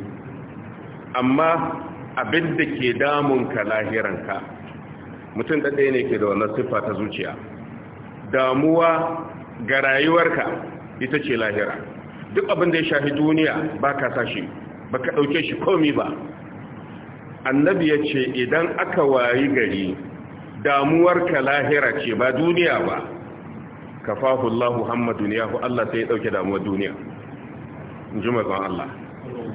amma abin da ke damun damunka lahiranka mutum da ɗaya ne ke da wannan siffa ta zuciya damuwa ga rayuwarka ita ce lahira duk abin da ya shafi duniya ba ka sashi ba ka ɗauke shi komi ba annabi ya ce idan aka wayi gari damuwarka lahira ce ba duniya ba kafahu Allah Muhammadu ya fi Allah sai ya ɗauke damuwar duniya in ji Allah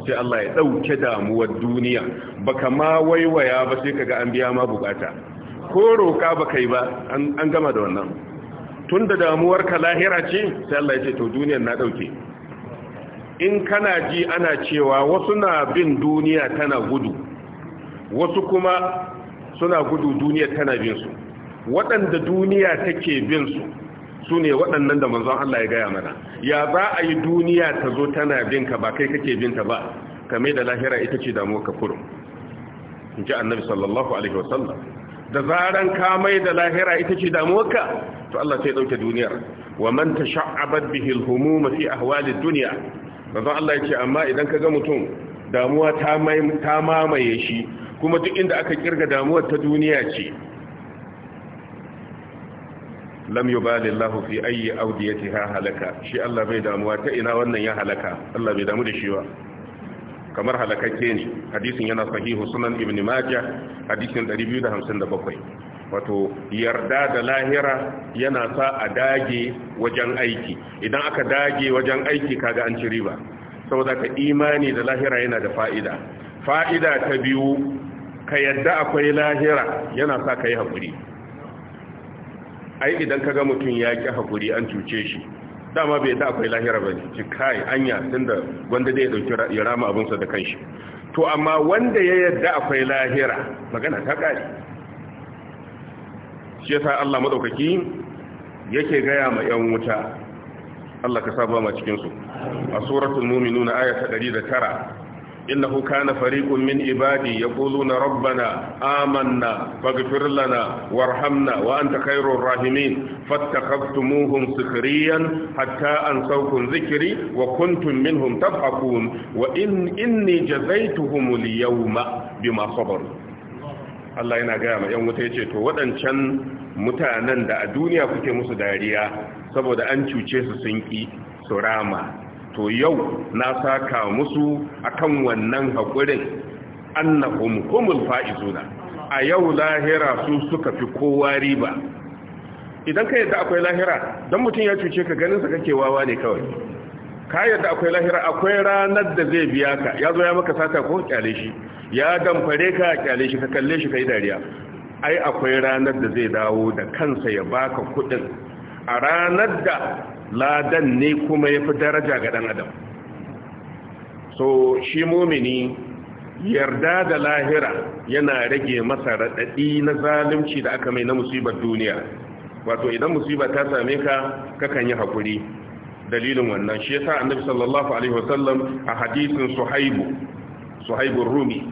sai Allah ya dauke damuwar duniya baka ma waiwaya ba sai kaga an biya ma bukata ko roka baka yi ba an gama da wannan tunda damuwar ka lahira ce sai Allah ya ce to duniyar na dauke in kana ji ana cewa wasu na bin duniya tana gudu wasu kuma suna gudu duniya tana bin su waɗanda duniya take bin su su ne waɗannan da manzon Allah ya gaya mana ya za a yi duniya ta zo tana binka ba kai kake binta ba kame da lahira ita ce damuwa ka kurum in ji annabi sallallahu alaihi wasallam da zaran ka mai da lahira ita ce damuwa ka to Allah sai dauke duniyar wa man tasha'abat bihi al fi ahwali dunya manzon Allah ya ce amma idan ka ga mutum damuwa ta mamaye shi kuma duk inda aka kirga damuwar ta duniya ce lam yubali Allahu fi ayyi ha halaka shi Allah bai damuwa ta ina wannan ya halaka Allah bai damu da shi ba kamar halakakke ne hadisin yana sahihu sunan ibn majah hadisin 257 wato yarda da lahira yana sa a dage wajen aiki idan aka dage wajen aiki kaga an ci riba saboda ka imani da lahira yana da fa'ida fa'ida ta biyu ka yadda akwai lahira yana sa ka yi haƙuri ai idan ka ga mutum ya ƙi hakuri an cuce shi dama bai da akwai lahira ba ci kai anya tunda wanda zai dauki ya rama abinsa da kanshi to amma wanda ya yadda akwai lahira magana ta kare shi yasa Allah madaukaki yake gaya ma yan wuta Allah ka saba ma cikin su a suratul mu'minun ɗari da 109 إنه كان فريق من عبادي يقولون ربنا آمنا فاغفر لنا وارحمنا وأنت خير الراحمين فاتخذتموهم سخريا حتى أنسوكم ذكري وكنتم منهم تضحكون وإن إني جزيتهم اليوم بما صبروا Allah yana gaya ma ‘yan wuta ya ce, To, waɗancan mutanen da a duniya kuke musu dariya saboda an cuce su sun ƙi su rama, to yau na saka musu akan wannan hakurin, annahum humul fa'izuna a yau lahira su suka fi kowa riba idan ka yadda akwai lahira don mutum ya cuce ka ganin sa kake wawa ne kawai ka yadda akwai lahira akwai ranar da zai biya ka ya zo ya maka sata ko kyale shi ya damfare ka kyale shi ka kalle shi kai dariya ai akwai ranar da zai dawo da kansa ya baka kudin a ranar da ladan ne kuma ya fi daraja ga ɗan adam so shi mumini yarda da lahira yana rage masa raɗaɗi na zalunci da aka mai na musibar duniya wato idan musiba ta same ka kakan yi haƙuri dalilin wannan shi yasa annabi sallallahu alaihi wasallam a hadisin suhaibu Suhaibun rumi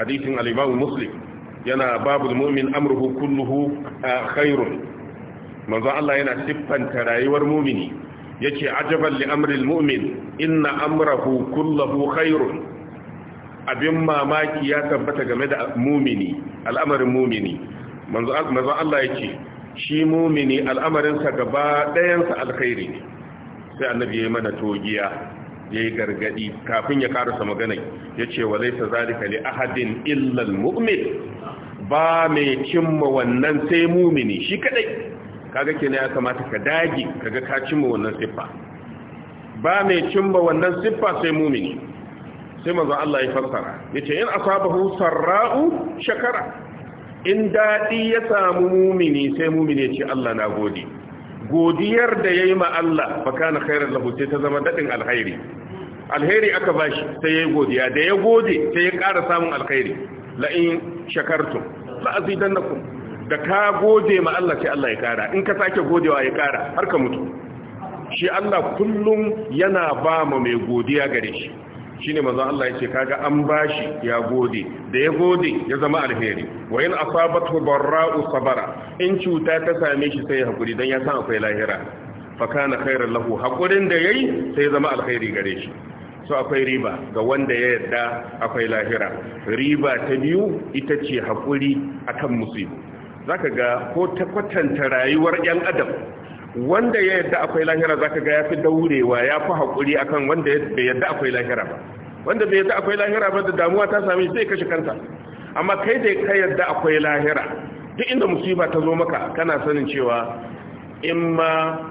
hadisin al muslim yana babul mu'min amurhu kulluhu khairun manzo Allah yana siffanta rayuwar mumini yake ajaban li amril mu'min inna amrahu kulluhu khairun abin mamaki ya tabbata game da mumini al'amarin mumini manzo Allah yake shi mumini al'amarinsa gaba ɗayansa alkhairi ne sai annabi ya mana togiya ya yi gargadi kafin ya karasa maganar ya ce wa laisa zalika li ahadin illal mu'min ba mai cimma wannan sai mumini shi kadai kaga kenan ya kamata ka dage kaga ka cimma wannan siffa ba mai cimma wannan siffa sai mumini sai manzo Allah ya fassara yace in asabahu sarra'u shakara in dadi ya samu mumini sai mumini ya ce Allah na gode godiyar da yayi ma Allah fa kana khairan lahu sai ta zama dadin alkhairi alkhairi aka bashi sai yayi godiya da ya gode sai ya ƙara samun alkhairi la in shakartum azidannakum da ka gode ma Allah sai Allah ya kara in ka sake godewa ya kara har ka mutu shi Allah kullum yana ba ma mai godiya gare shi shine manzo Allah yake kaga an bashi ya gode da ya gode ya zama alheri wa in asabathu barra'u sabara in cuta ta same shi sai hakuri dan ya san akwai lahira fa kana khairan lahu hakurin da yayi sai zama alheri gare shi so akwai riba ga wanda ya yarda akwai lahira riba ta biyu ita ce hakuri akan musibu zaka ga ko ta kwatanta rayuwar yan adam wanda ya yadda akwai lahira zaka ga yafi daurewa yafi hakuri akan wanda bai yadda akwai lahira ba wanda bai yadda akwai lahira ba da damuwa ta sami shi zai kashe kanta. amma kai da ka yadda akwai lahira duk inda musiba ta zo maka kana sanin cewa in ma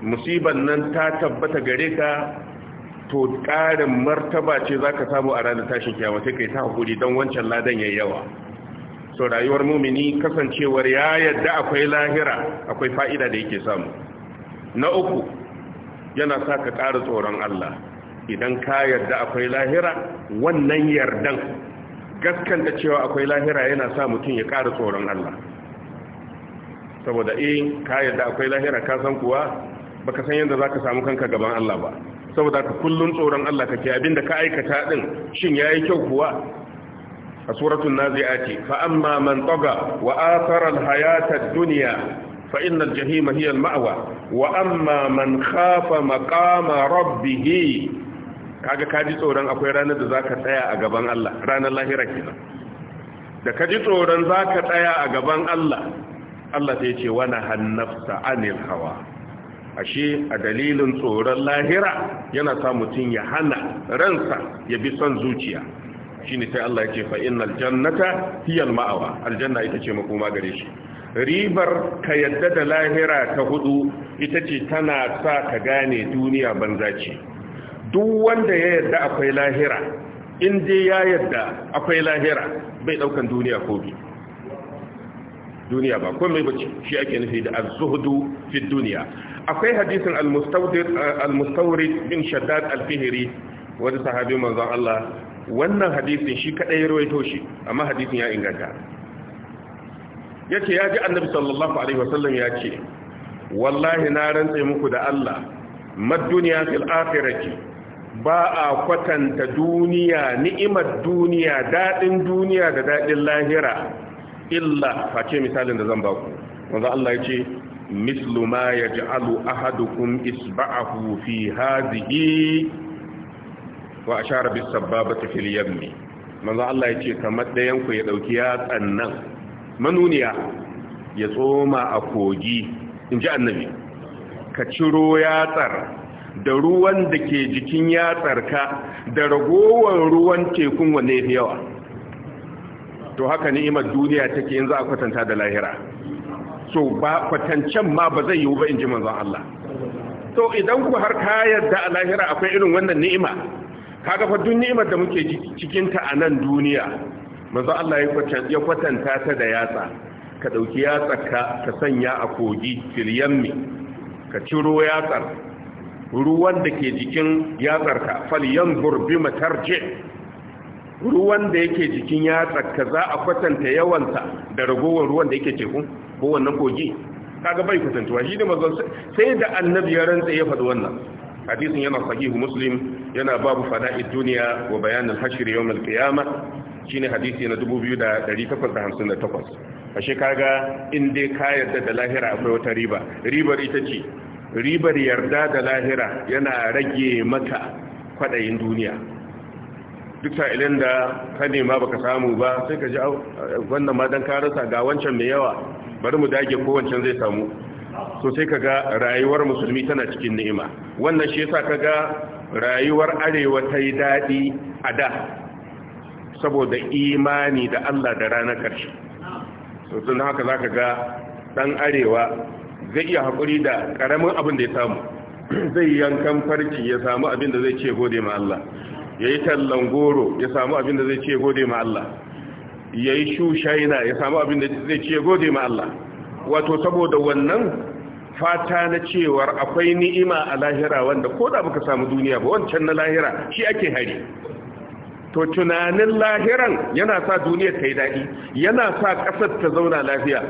musiban nan ta tabbata gare ka to ƙarin martaba ce za ka samu a ranar tashin kyawa sai kai ta haƙuri don wancan ladan ya yawa so rayuwar mumini kasancewar ya yadda akwai lahira akwai fa'ida da yake samu na uku yana sa ka ƙara tsoron Allah idan ka yarda akwai lahira wannan yardan gaskanta cewa akwai lahira yana sa mutum ya ƙara tsoron Allah saboda eh ka yarda akwai lahira ka san kuwa baka san yadda za ka samu kanka gaban Allah ba saboda ka kullun tsoron Allah kake abinda ka aikata din shin yayi kyau kuwa a suratun nazi'ati fa amma man taga wa athara al-hayata ad-dunya jahima wa amma man kaga kaji tsoron akwai ranar da zaka tsaya a gaban Allah ranar lahira kenan da kaji tsoron zaka tsaya a gaban Allah Allah sai ce wa nahannafta anil hawa ashe a dalilin tsoron lahira yana sa mutum ya hana ransa ya bi son zuciya shine sai Allah yake fa innal jannata hiyal ma'awa aljanna ita ce makoma gare shi ribar ka yadda da lahira ta hudu ita ce tana sa ka gane duniya banza ce duk wanda ya yadda akwai lahira in dai ya yadda akwai lahira bai daukan duniya ko bi duniya ba komai bace shi ake nufi da az-zuhdu fi dunya akwai hadisin al-mustawrid al-mustawrid bin shaddad al-fihri wani sahabi manzon Allah wannan hadisin shi kadai ya rawaito shi amma hadisin ya inganta yace ya ji annabi sallallahu alaihi wasallam ya ce wallahi na rantse muku da Allah mad duniya fil akhirati ba a kwatanta duniya ni'imar duniya dadin duniya da dadin lahira illa face misalin da zan ba ku wanda Allah ya ce mislu ma yaj'alu ahadukum isba'ahu fi hadhihi wa ashara bis sababati fil yammi manzo Allah yace kamar da ku ya dauki yatsan nan manuniya ya tsoma a kogi inji annabi ka ciro yatsar da ruwan da ke jikin ka da ragowar ruwan tekun wanne ya yawa to haka ni'imar duniya take yanzu a kwatanta da lahira so ba kwatancen ma ba zai yiwu ba in ji Allah to idan ku har ka yarda a lahira akwai irin wannan ni'ima kaga fa duk ni'imar da muke cikin ta a nan duniya manzo Allah ya kwatanta ta da yatsa ka dauki yatsa ka ka sanya a kogi filyammi ka ciro yatsar ruwan da ke jikin yatsar ka fal yanzur bi matarji ruwan da yake jikin yatsar ka za a kwatanta yawansa da ragowar ruwan da yake teku ko wannan kogi kaga bai kwatantuwa shi da manzo sai da annabi ya rantsa ya faɗi wannan hadisin yana sahihu muslim yana babu fada'id duniya wa bayanin hashir mai kiyama Shi ne hadisi na 2858 ka shekaga in dai ka yarda da lahira akwai wata riba ribar ita ce ribar yarda da lahira yana rage maka kwadayin duniya duk sa'ilin da ka nema baka samu ba sai ka ji wannan ma karasa rasa ga wancan mai yawa bari mu dage kowancan zai samu so sai kaga rayuwar musulmi tana cikin ni'ima wannan shi yasa kaga rayuwar arewa ta yi daɗi a da saboda imani da Allah da ranar ƙarshe so tun haka zaka ga dan arewa zai iya haƙuri da ƙaramin abin da ya samu zai yankan farci ya samu abin da zai ce gode ma Allah ya yi tallan goro ya samu abin da zai ce gode ma Allah ya yi shushaina ya samu abin da zai ce gode ma Allah wato saboda wannan fata na cewar akwai ni'ima a lahira wanda ko da baka samu duniya ba wancan na lahira shi ake hari to tunanin lahiran yana sa duniya ta yi daɗi yana sa ƙasar ta zauna lafiya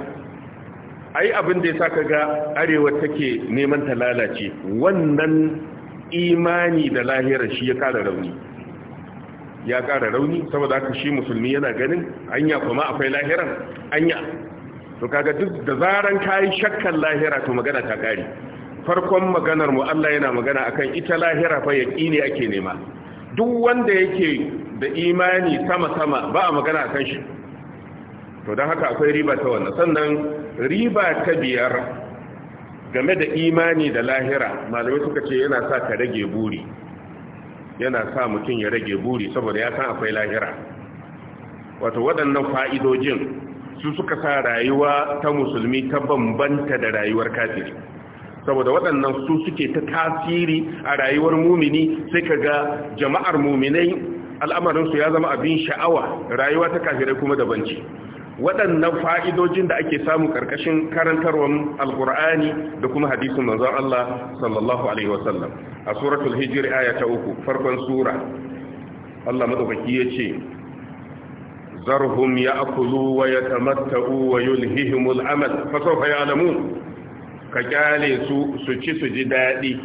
ai abin da ya sa kaga arewa take neman ta lalace wannan imani da lahiran shi ya ƙara rauni ya ƙara rauni saboda haka shi musulmi yana ganin anya kuma akwai lahiran anya to kaga duk da zaran kayi shakkan lahira to magana ta kare farkon maganar mu Allah yana magana akan ita lahira fa yaqini ake nema duk wanda yake da imani sama sama ba a magana akan shi to don haka akwai riba ta wannan sannan riba ta biyar game da imani da lahira malamai suka ce yana sa ka rage buri yana sa mutum ya rage buri saboda ya san akwai lahira wato waɗannan fa'idojin su suka sa rayuwa ta musulmi ta bambanta da rayuwar kafiri saboda waɗannan su suke ta tasiri a rayuwar mumini sai ka ga jama'ar muminai al'amarinsu ya zama abin sha'awa rayuwa ta kafirai kuma banci. waɗannan fa'idojin da ake samu ƙarƙashin karantarwar alƙur'ani da kuma hadisun manzon Allah sallallahu Alaihi wasallam a suratul hijir aya ta uku farkon sura Allah maɗaukaki ya ce zarhum ya'kulu wa yatamatta'u wa yulhihimul amal fa sawfa ka kyale su su ci su ji daɗi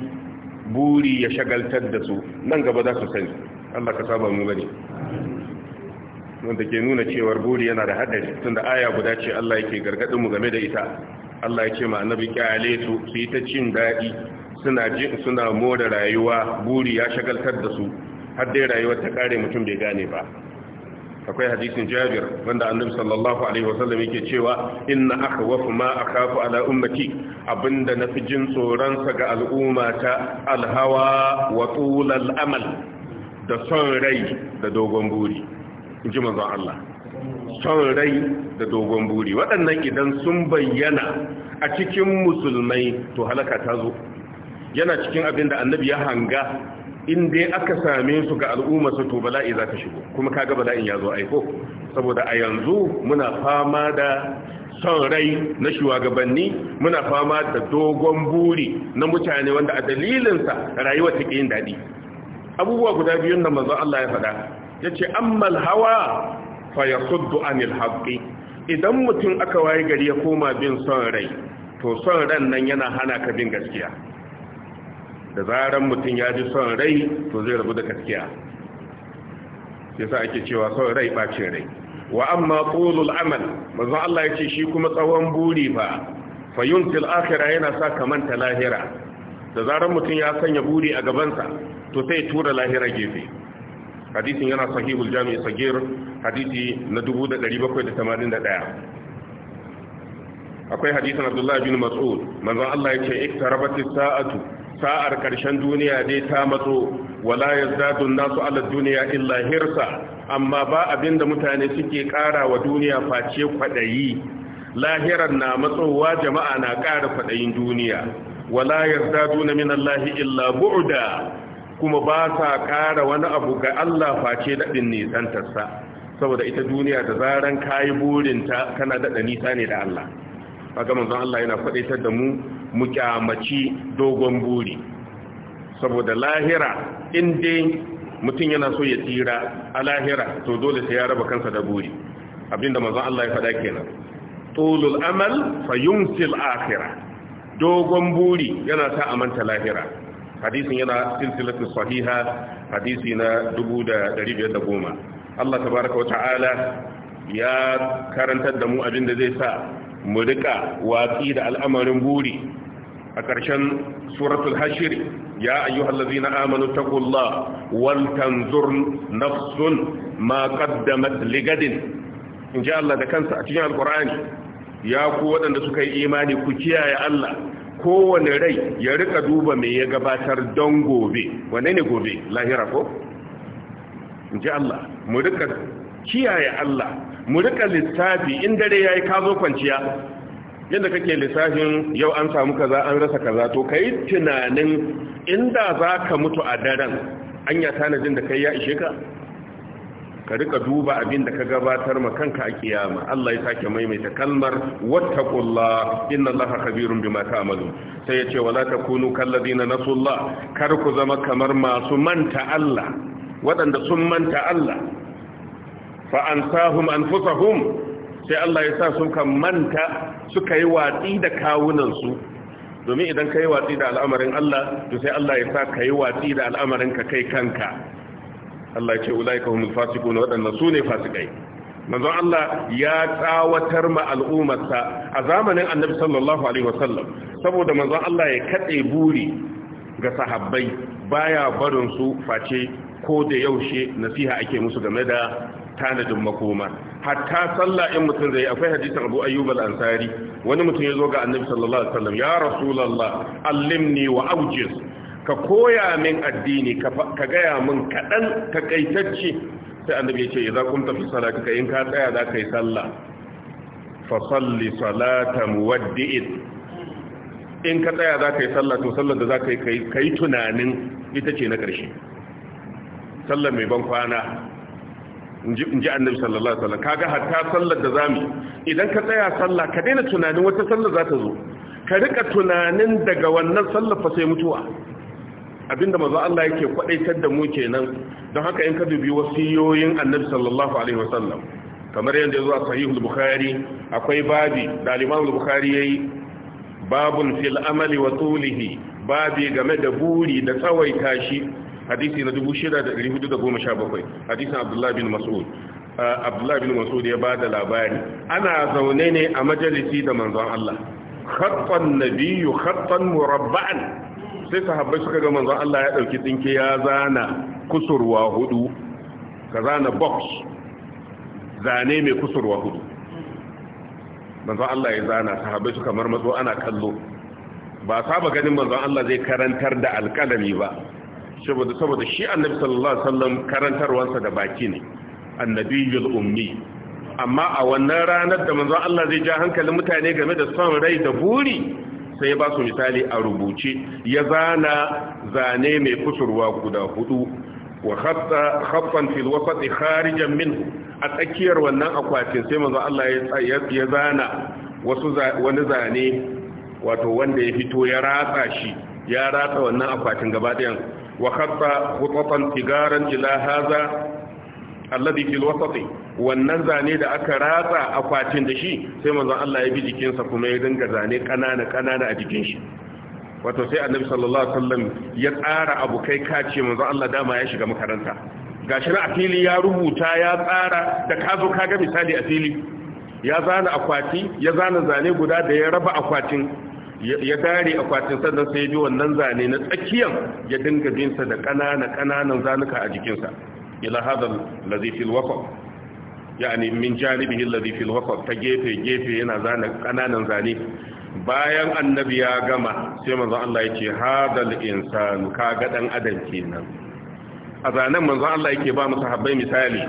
buri ya shagaltar da su nan gaba za su sani Allah ka saba mu gani wanda ke nuna cewar buri yana da haɗari tunda aya guda ce Allah yake gargaɗin mu game da ita Allah yace ce ma annabi kyale su su yi ta cin daɗi suna ji suna more rayuwa buri ya shagaltar da su har dai rayuwar ta kare mutum bai gane ba akwai hadisin jabir wanda annabi sallallahu alaihi wasallam yake cewa inna akhwafu ma akhafu ala ummati abinda nafi jin tsoron sa ga al'umma ta alhawa wa tul al'amal da son rai da dogon buri inji manzon Allah son rai da dogon buri waɗannan idan sun bayyana a cikin musulmai to halaka ta zo yana cikin abinda annabi ya hanga in dai aka same su ga al'umma su to bala'i za ta shigo kuma kaga bala'in ya zo aiko saboda a yanzu muna fama da son rai na shugabanni muna fama da dogon buri na mutane wanda a dalilinsa rayuwa ta yin daɗi abubuwa guda biyun da manzo Allah ya faɗa ya ce ammal hawa fa yasuddu anil haqqi idan mutum aka waye gari ya koma bin son rai to son ran nan yana hana ka bin gaskiya da zaran mutum ya ji son rai to zai rabu da gaskiya yasa ake cewa son rai bacin rai wa amma qulul amal manzo Allah yace shi kuma tsawon buri fa fayuntil akhirah yana sa kaman ta lahira da zaran mutum ya sanya buri a gabansa to sai tura lahira gefe hadisin yana sahihul jami'i sagir hadisi na 1781 akwai hadisin abdullahi bin mas'ud manzon Allah ya ce iktarabatis sa'atu sa'ar ƙarshen duniya dai ta matso wala yazdadun nasu ala duniya illa hirsa amma ba abinda mutane suke ƙara wa duniya face kwaɗayi lahirar na matsowa jama'a na ƙara kwaɗayin duniya wala yazdaduna min Allah illa bu'da kuma ba sa ƙara wani abu ga Allah face daɗin nisantarsa saboda ita duniya da zaran kayi burinta kana daɗa nisa ne da Allah kaga manzon Allah yana faɗaitar da mu mu kyamaci dogon buri saboda lahira in dai mutum yana so ya tsira a lahira to dole sai ya raba kansa da buri abinda manzon Allah ya faɗa kenan tulul amal fayumsil akhirah dogon buri yana sa a manta lahira hadisin yana silsilatu sahiha hadisi na goma. Allah tabaaraka wa ta'ala ya karantar da mu abinda zai sa mu rika watsi da al'amarin buri a ƙarshen suratul hashir ya ayyuhal ladzina amanu ta wal tanzur nafsun ma qaddamat ligadin in ji Allah da kansa a cikin alkur'ani ya ku waɗanda suka yi imani ku kiyaye Allah kowane rai ya rika duba mai ya gabatar don gobe wane ne gobe lahira ko in ji Allah mu duka kiyaye Allah mu rika lissafi in dare yayi ka zo kwanciya yadda kake lissafin yau an samu kaza an rasa kaza to kai tunanin inda za ka mutu a daren anya tanadin da kai ya ishe ka ka rika duba abin da ka gabatar ma kanka a kiyama Allah ya sake maimaita kalmar wattaqullah inna allaha khabirun bima ta'malun sai yace wala takunu kallazina nasullah kar ku zama kamar masu manta Allah waɗanda sun manta Allah fa ansahum anfusahum sai Allah ya sa suka manta suka yi watsi da kawunansu domin idan ka yi watsi da al'amarin Allah to sai Allah ya sa ka yi watsi da al'amarin ka kai kanka Allah ya ce ulaika humul waɗannan su ne fasikai manzon Allah ya tsawatar ma al'ummarsa a zamanin Annabi sallallahu alaihi wasallam saboda manzon Allah ya katse buri ga sahabbai baya barinsu su face ko da yaushe nasiha ake musu game da tanadin makoma hatta sallah in mutum zai akwai hadisin Abu Ayyub al-Ansari wani mutum ya zo ga Annabi sallallahu alaihi wasallam ya Rasulullah allimni wa aujiz ka koya min addini ka gaya min kadan takaitacce sai Annabi ya ce idza kunta fi Ka in ka tsaya za ka yi sallah fa salli salata muwaddi'in in ka tsaya za ka yi sallah to sallar da za ka yi kai tunanin ita ce na ƙarshe sallar mai ban kwana in ji annabi sallallahu alaihi wasallam kaga hatta sallar da zamu idan ka tsaya sallah ka daina tunanin wata sallar za ta zo ka rika tunanin daga wannan sallar fa sai mutuwa abinda manzo Allah yake kwadaitar da mu kenan don haka in ka dubi wasiyoyin annabi sallallahu alaihi wasallam kamar yadda zuwa sahihul bukhari akwai babi da al-imam bukhari yayi babun fil amali wa tulihi babi game da buri da tsawaita shi hadisi na 6417 hadisin abdullahi bin mas'ud uh, abdullahi bin mas'ud ya bada labari ana zaune ne a majalisi da manzon Allah khattan nabiyyu khattan murabba'an sai sahabbai suka ga manzon Allah ya dauki tsinke ya zana kusurwa hudu ka zana box zane mai kusurwa hudu manzon Allah ya zana sahabbai suka marmatso ana kallo ba saba ganin manzon Allah zai karantar da alkalami ba saboda saboda shi annabi sallallahu alaihi wasallam karantarwansa da baki ne annabiyul ummi amma a wannan ranar da manzon Allah zai ja hankalin mutane game da son rai da buri sai ba su misali a rubuce ya zana zane mai kusurwa guda hudu wa khatta khaffan fil wasat kharijan minhu a tsakiyar wannan akwatin sai manzon Allah ya zana wasu wani zane wato wanda ya fito ya ratsa shi ya ratsa wannan akwatin gaba ɗayan وخط خططا تجارا الى هذا الذي في الوسط wannan zane da aka ratsa akwatin da shi sai manzon Allah ya bi jikinsa kuma ya dinga zane kanana kanana a jikin shi wato sai annabi sallallahu alaihi wasallam ya tsara abu kai kace manzon Allah dama ya shiga makaranta gashi na afili ya rubuta ya tsara da kazo kaga misali afili ya zana akwati ya zana zane guda da ya raba akwatin ya a akwatin sannan sai ya bi wannan zane na tsakiyan ya dinga binsa da ƙanana ƙananan zanuka a jikinsa ila hadal ladhi fil waqf yani min janibihi ladhi fil waqf ta gefe gefe yana zane ƙananan zane bayan annabi ya gama sai manzon Allah ya ce hadal insanu ga dan adam kenan a zanen manzon Allah yake ba mu sahabbai misali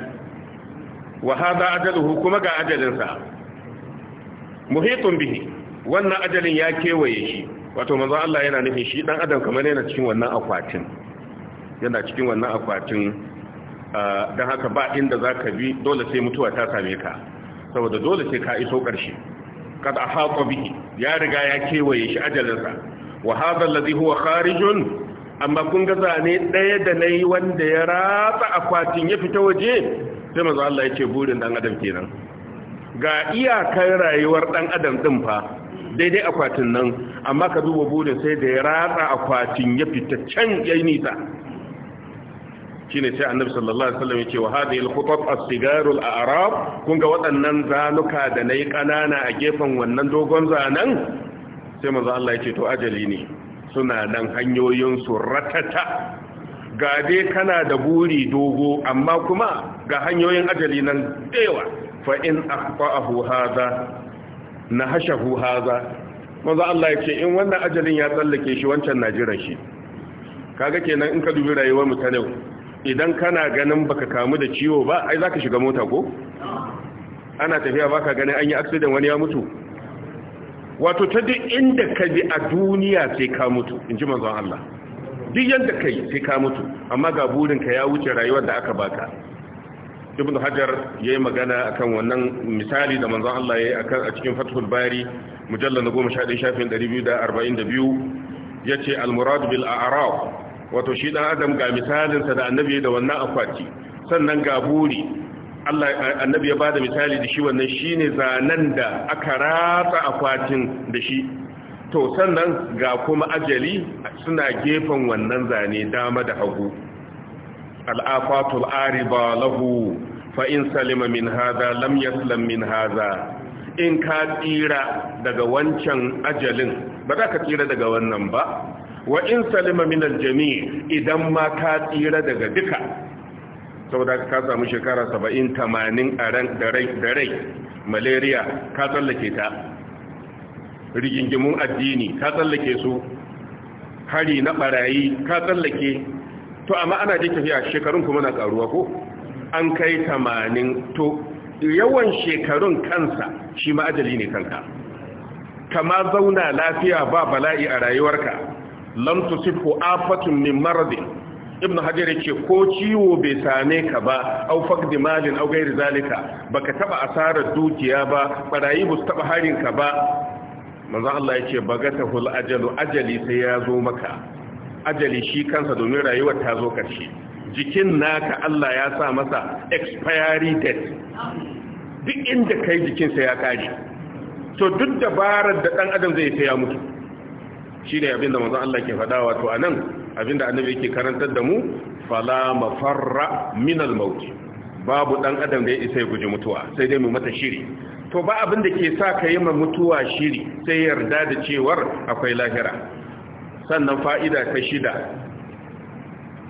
wa hada ajaluhu kuma ga ajalinsa muhitun bihi wannan ajalin ya kewaye shi wato manzo Allah yana nufin shi dan adam kamar yana cikin wannan akwatin yana cikin wannan akwatin dan haka ba inda zaka bi dole sai mutuwa ta same ka saboda dole sai ka iso karshe kad ahata bihi ya riga ya kewaye shi ajalinsa wa hadha alladhi huwa kharijun amma kun ga zane daya da nayi wanda ya ratsa akwatin ya fita waje sai manzo Allah yake burin dan adam kenan ga iyakar rayuwar dan adam din fa daidai akwatin nan amma ka duba burin sai da ya ratsa akwatin ya fita can ya yi nisa shi ne sai annabi sallallahu alaihi wasallam ya ce wa hadhihi al-khutat as arab kun ga waɗannan zanuka da nayi kanana a gefen wannan dogon zanan sai manzo Allah ya ce to ajali ne suna nan hanyoyin su ratata ga dai kana da buri dogo amma kuma ga hanyoyin ajali nan da fa in akhfa'ahu hadha na hashahu haza maza Allah ya ce in wannan ajalin ya tsallake shi wancan na shi kaga kenan in ka dubi rayuwar mutane idan kana ganin baka kamu da ciwo ba ai zaka shiga mota ko ana tafiya baka ganin an yi accident wani ya mutu wato ta duk inda ka bi a duniya sai ka mutu in ji manzon Allah duk yanda kai sai ka mutu amma ga burinka ya wuce rayuwar da aka baka ibn hajar ya yi magana a kan wannan misali da manzan Allah ya yi a cikin fathul bari mujallar na goma shaɗin shafin 242 ya ce almurad bil a'arab wato shi ɗan adam ga misalinsa da annabi da wannan akwati sannan ga buri annabi ya ba misali da shi wannan shine zanen da aka ratsa akwatin da shi to sannan ga kuma ajali suna gefen wannan zane dama da hagu al'afatul ariba lahu fa in salima min haza lam yaslam min haza in ka tsira daga wancan ajalin ba za ka tsira daga wannan ba wa in salima min aljami idan ma ka tsira daga duka saboda ka samu shekara 70 80 a ran da rai malaria ka tsallake ta rigingimun addini ka tsallake su hari na barayi ka tsallake to amma ana je tafiya shekarun kuma na karuwa ko an kai tamanin to yawan shekarun kansa shi ma ajali ne kanka kama zauna lafiya ba bala'i a rayuwarka lam tusifu afatun min maradin ibnu hajar yake ko ciwo bai same ka ba au faqdi malin au ghairi zalika baka taba asarar dukiya ba barayi bus taba harin ka ba manzo Allah yake ta ajalu ajali sai ya zo maka ajali shi kansa domin rayuwar ta zo karshe jikin naka Allah ya sa masa expiry date duk inda kai jikinsa ya kare to duk dabarar da dan adam zai ya mutu shine abinda manzon Allah ke faɗa wato anan abinda annabi yake karantar da mu fala mafarra min al-maut babu dan adam da ya isa ya mutuwa sai dai mu mata shiri to ba abin da ke sa ka yi ma mutuwa shiri sai yarda da cewar akwai lahira sannan fa'ida ta shida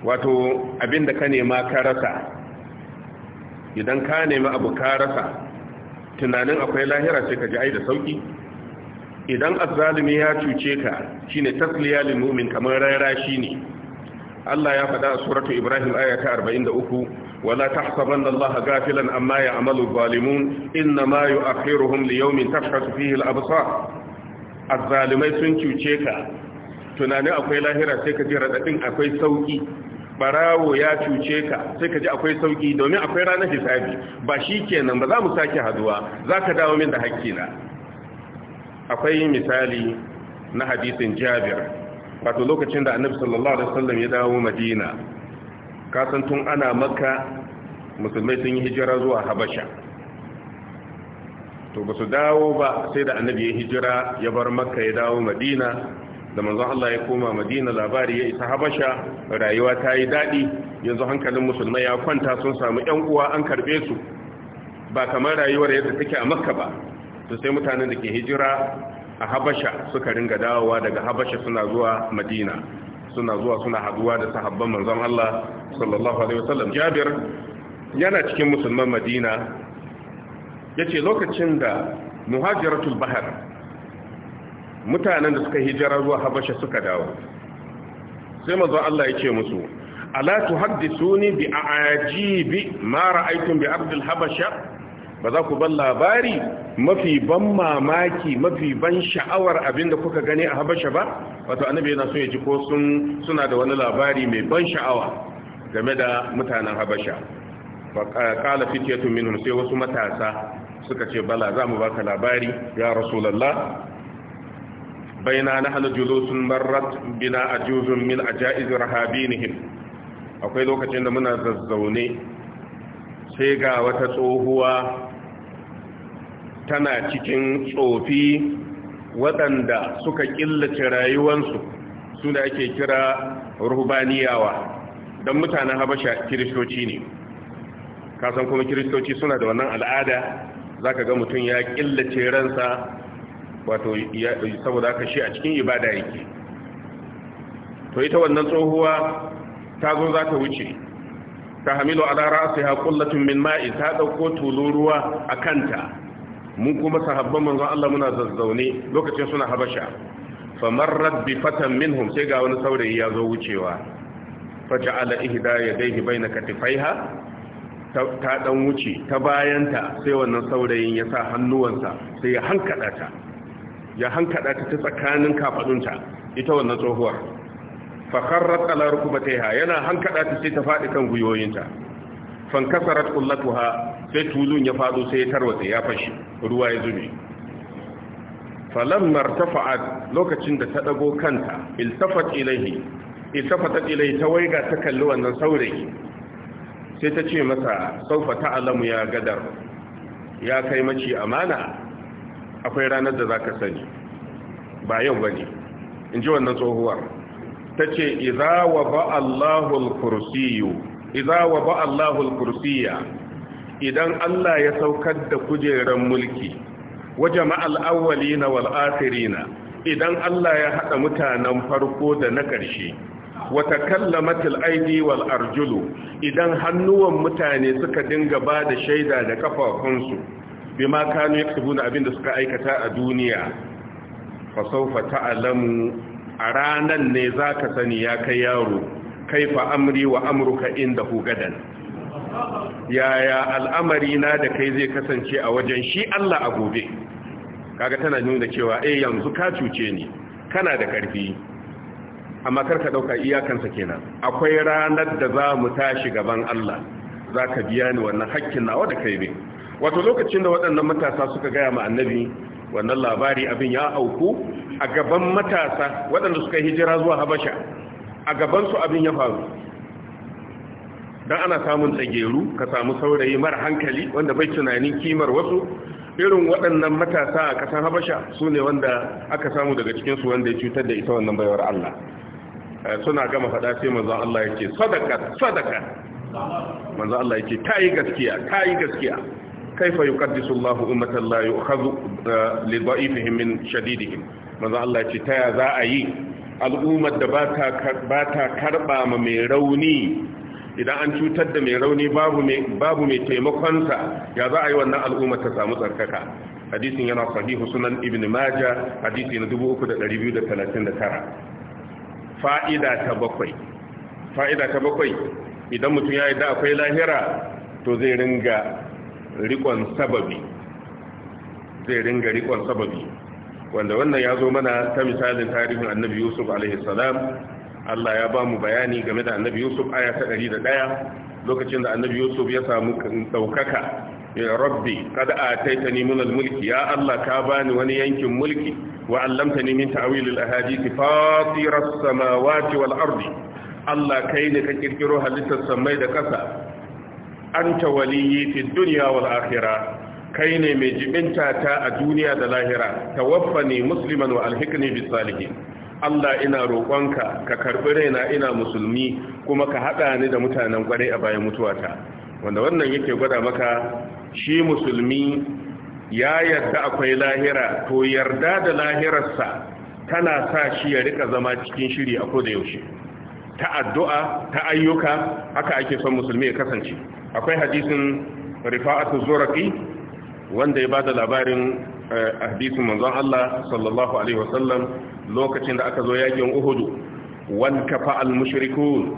wato abin da ka nema karasa, idan ka nemi abu karasa tunanin akwai lahira sai ka ji ai da sauki idan azalimi ya cuce ka shi ne tasliya lil kamar raira shi ne. Allah ya faɗa a suratu Ibrahim aya ta 43 wala tahsabanna Allah gafilan amma ya'malu zalimun inna ma yu'akhiruhum li yawmin tashhasu fihi al-absar azzalimai sun cuce ka tunanin akwai lahira sai ka ji radadin akwai sauki barawo ya cuce ka sai ka ji akwai sauki domin akwai ranar hisabi ba shi kenan ba za mu sake haduwa za ka dawo min da hakina akwai misali na hadisin jabir wato lokacin da annabi sallallahu alaihi wasallam ya dawo madina kasan tun ana makka musulmai sun yi hijira zuwa habasha to ba su dawo ba sai da annabi ya hijira ya bar makka ya dawo madina da manzon Allah ya koma Madina labari ya isa Habasha rayuwa ta yi daɗi yanzu hankalin musulmai ya kwanta sun samu ƴan uwa an karbe su ba kamar rayuwar yadda take a Makka ba to sai mutanen da ke hijira a Habasha suka ringa dawowa daga Habasha suna zuwa Madina suna zuwa suna haduwa da sahabban manzon Allah sallallahu alaihi wasallam Jabir yana cikin musulman Madina yace lokacin da muhajiratul bahar mutanen da suka hijira zuwa habasha suka dawo sai mazo Allah ya ce musu ala tuhaddisuni bi ajibi ma ra'aytum bi abdul habasha ba za ku ban labari mafi ban mamaki mafi ban sha'awar abinda kuka gani a habasha ba wato annabi yana so ya ji ko sun suna da wani labari mai ban sha'awa game da mutanen habasha fa qala fityatun minhum sai wasu matasa suka ce bala za mu baka labari ya rasulullah baina nahnu julusun marrat bina ajuzun a ajaiz rahabinihim akwai lokacin da muna zazzaune sai ga wata tsohuwa tana cikin tsofi waɗanda suka killace rayuwansu su da ake kira ruhbaniyawa don mutanen habasha kiristoci ne kasan kuma kiristoci suna da wannan al'ada za ka ga mutum ya killace ransa wato saboda haka shi a cikin ibada yake to ita wannan tsohuwa ta zo za ta wuce ta hamilu ala ya qullatun min ma'i ta dauko tuluruwa a kanta mun kuma sahabban manzon Allah muna zazzaune lokacin suna habasha Famar, bi fatan minhum sai ga wani saurayi ya zo wucewa ya ihda yadayhi katifai katifaiha ta ɗan wuce ta bayanta sai wannan saurayin ya sa hannuwansa sai ya hankada ta ya hankada ta tsakanin kafadunta ita wannan tsohuwar fakarrat ala rukbatayha yana hankada ta sai ta fadi kan guyoyinta fankasarat qullatuha sai tulun ya fado sai ya tarwatse, ya fashi ruwa ya zube falamma irtafa'at lokacin da ta dago kanta iltafat ilayhi iltafatat ilayhi ta ta kalli wannan saurayi sai ta ce masa saufa ta'lamu ya gadar ya kai mace amana akwai ranar da za ka sani ba yau ba ne in ji wannan tsohuwar ta ce iza wa ba allahul kursiyu iza wa ba allahul kursiya idan allah ya saukar da kujeran mulki waje ma'al'awwalina wal'afirina idan allah ya haɗa mutanen farko da na ƙarshe wata kallamatil aidi wal arjulu idan hannuwan mutane suka dinga ba da shaida da kafafunsu bima kanu abin abinda suka aikata a duniya fa sawfa ta'lamu a ranan ne zaka sani ya kai yaro kaifa amri wa amruka ku gadan yaya al'amari na da kai zai kasance a wajen shi Allah a gobe kaga tana nuna cewa eh yanzu ka cuce ni kana da karfi amma karka dauka iyakansa kenan akwai ranar da za mu tashi gaban Allah zaka biya ni wannan hakkin nawa da kai bai wato lokacin da waɗannan matasa suka gaya ma annabi wannan labari abin ya auku a gaban matasa waɗanda suka hijira zuwa habasha a gabansu abin ya faru don ana samun tsageru ka samu saurayi mara hankali wanda bai tunanin kimar wasu irin waɗannan matasa a ƙasar habasha su ne wanda aka samu daga cikinsu wanda ya cutar da ita wannan baiwar allah eh, suna gama faɗa sai manzo allah ya ce sadaka sadaka manzo allah ya ce ta yi gaskiya ta yi gaskiya kaifa yuqaddisu Allahu ummatan la yu'khadhu li dha'ifihim min Allah ce taya za a yi al'ummar da ba ta karba ma mai rauni idan an cutar da mai rauni babu mai taimakonsa ya za a yi wannan al'ummar ta samu tsarkaka hadisin yana sahihu sunan ibn majah hadisi na 3239 fa'ida ta bakwai fa'ida ta bakwai idan mutum ya yi da akwai lahira to zai ringa rikon sababi zai ringa rikon sababi wanda wannan ya zo mana ta misalin tarihin annabi yusuf alaihissalam allah ya ba mu bayani game da annabi yusuf aya ta ɗari da ɗaya lokacin da annabi yusuf ya samu ɗaukaka ya rabbi kada a taita ni mulki ya allah ka bani wani yankin mulki wa allamta min ta'awilul ahadisi fatiras samawati wal ardi Allah kai ne ka kirkiro halittar samai da ƙasa anta waliyyi fi dunya wal akhirah kai ne mai jibinta ta a duniya da lahira tawaffani musliman wa alhiqni bis salihin Allah ina roƙonka ka karɓi raina ina musulmi kuma ka haɗa ni da mutanen ƙwarai a bayan mutuwata wanda wannan yake gwada maka shi musulmi ya yarda akwai lahira to yarda da lahirarsa tana sa shi ya rika zama cikin shiri a koda yaushe ta addu'a ta ayyuka haka ake son musulmi ya kasance akwai hadisin rifa'atu zuraqi wanda ya ba da labarin eh, hadisin manzon Allah sallallahu alaihi wasallam lokacin da aka zo yakin Uhudu, wanka fa'al al mushrikun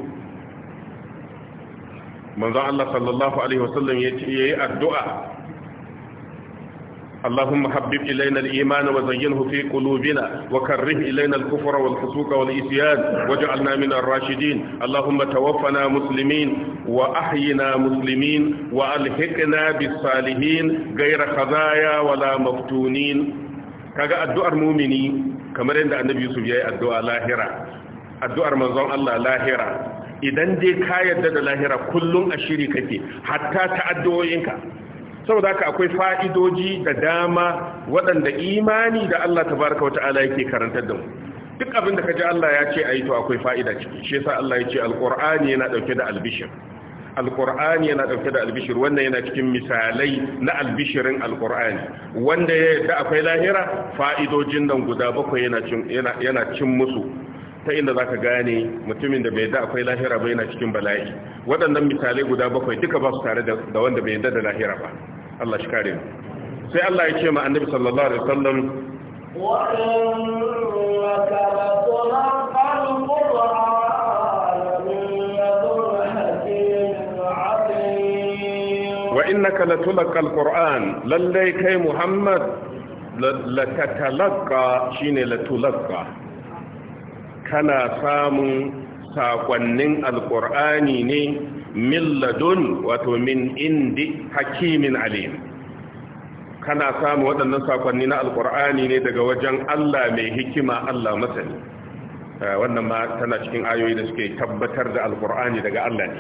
manzon Allah sallallahu alaihi wasallam yi addu'a اللهم حبب إلينا الإيمان وزينه في قلوبنا وكره إلينا الكفر والفسوق والإسيان واجعلنا من الراشدين اللهم توفنا مسلمين وأحينا مسلمين وألحقنا بالصالحين غير خزايا ولا مفتونين kaga addu'ar mumini kamar yadda annabi Yusuf ya yi addu'a lahira addu'ar manzon Allah lahira idan dai ka yarda da lahira kullum a shiri kake hatta ta addu'o'inka saboda haka akwai fa'idoji da dama waɗanda imani da Allah tabaraka wa yake karantar da mu duk abin da kaji Allah ya ce ayi to akwai fa'ida ciki shi yasa Allah ya ce alqur'ani yana dauke da albishir alqur'ani yana dauke da albishir wannan yana cikin misalai na albishirin alqur'ani wanda ya da akwai lahira fa'idojin nan guda bakwai yana cin yana cin musu ta inda za ka gane mutumin da bai da akwai lahira bai na cikin bala'i waɗannan misalai guda bakwai duka ba su tare da wanda bai yadda da lahira ba Allah shi kare mu sai Allah ya ce ma annabi sallallahu alaihi wasallam wa innaka latulqal qur'an wa innaka latulqal qur'an lallai kai muhammad latatallaqa shine latulqa kana samun sakonnin alkur'ani ne min wato min indi hakimin alim kana samun waɗannan sakonni na alkur'ani ne daga wajen Allah mai hikima Allah masani eh, wannan ma tana cikin ayoyi da suke tabbatar da Alƙur'ani daga Allah ne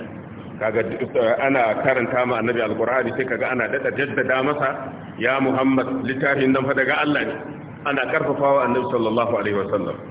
kaga eh, ana karanta ma annabi alkur'ani sai kaga ana dada jaddada masa ya Muhammad littafin nan fa daga Allah ne ana karfafawa annabi sallallahu alaihi wasallam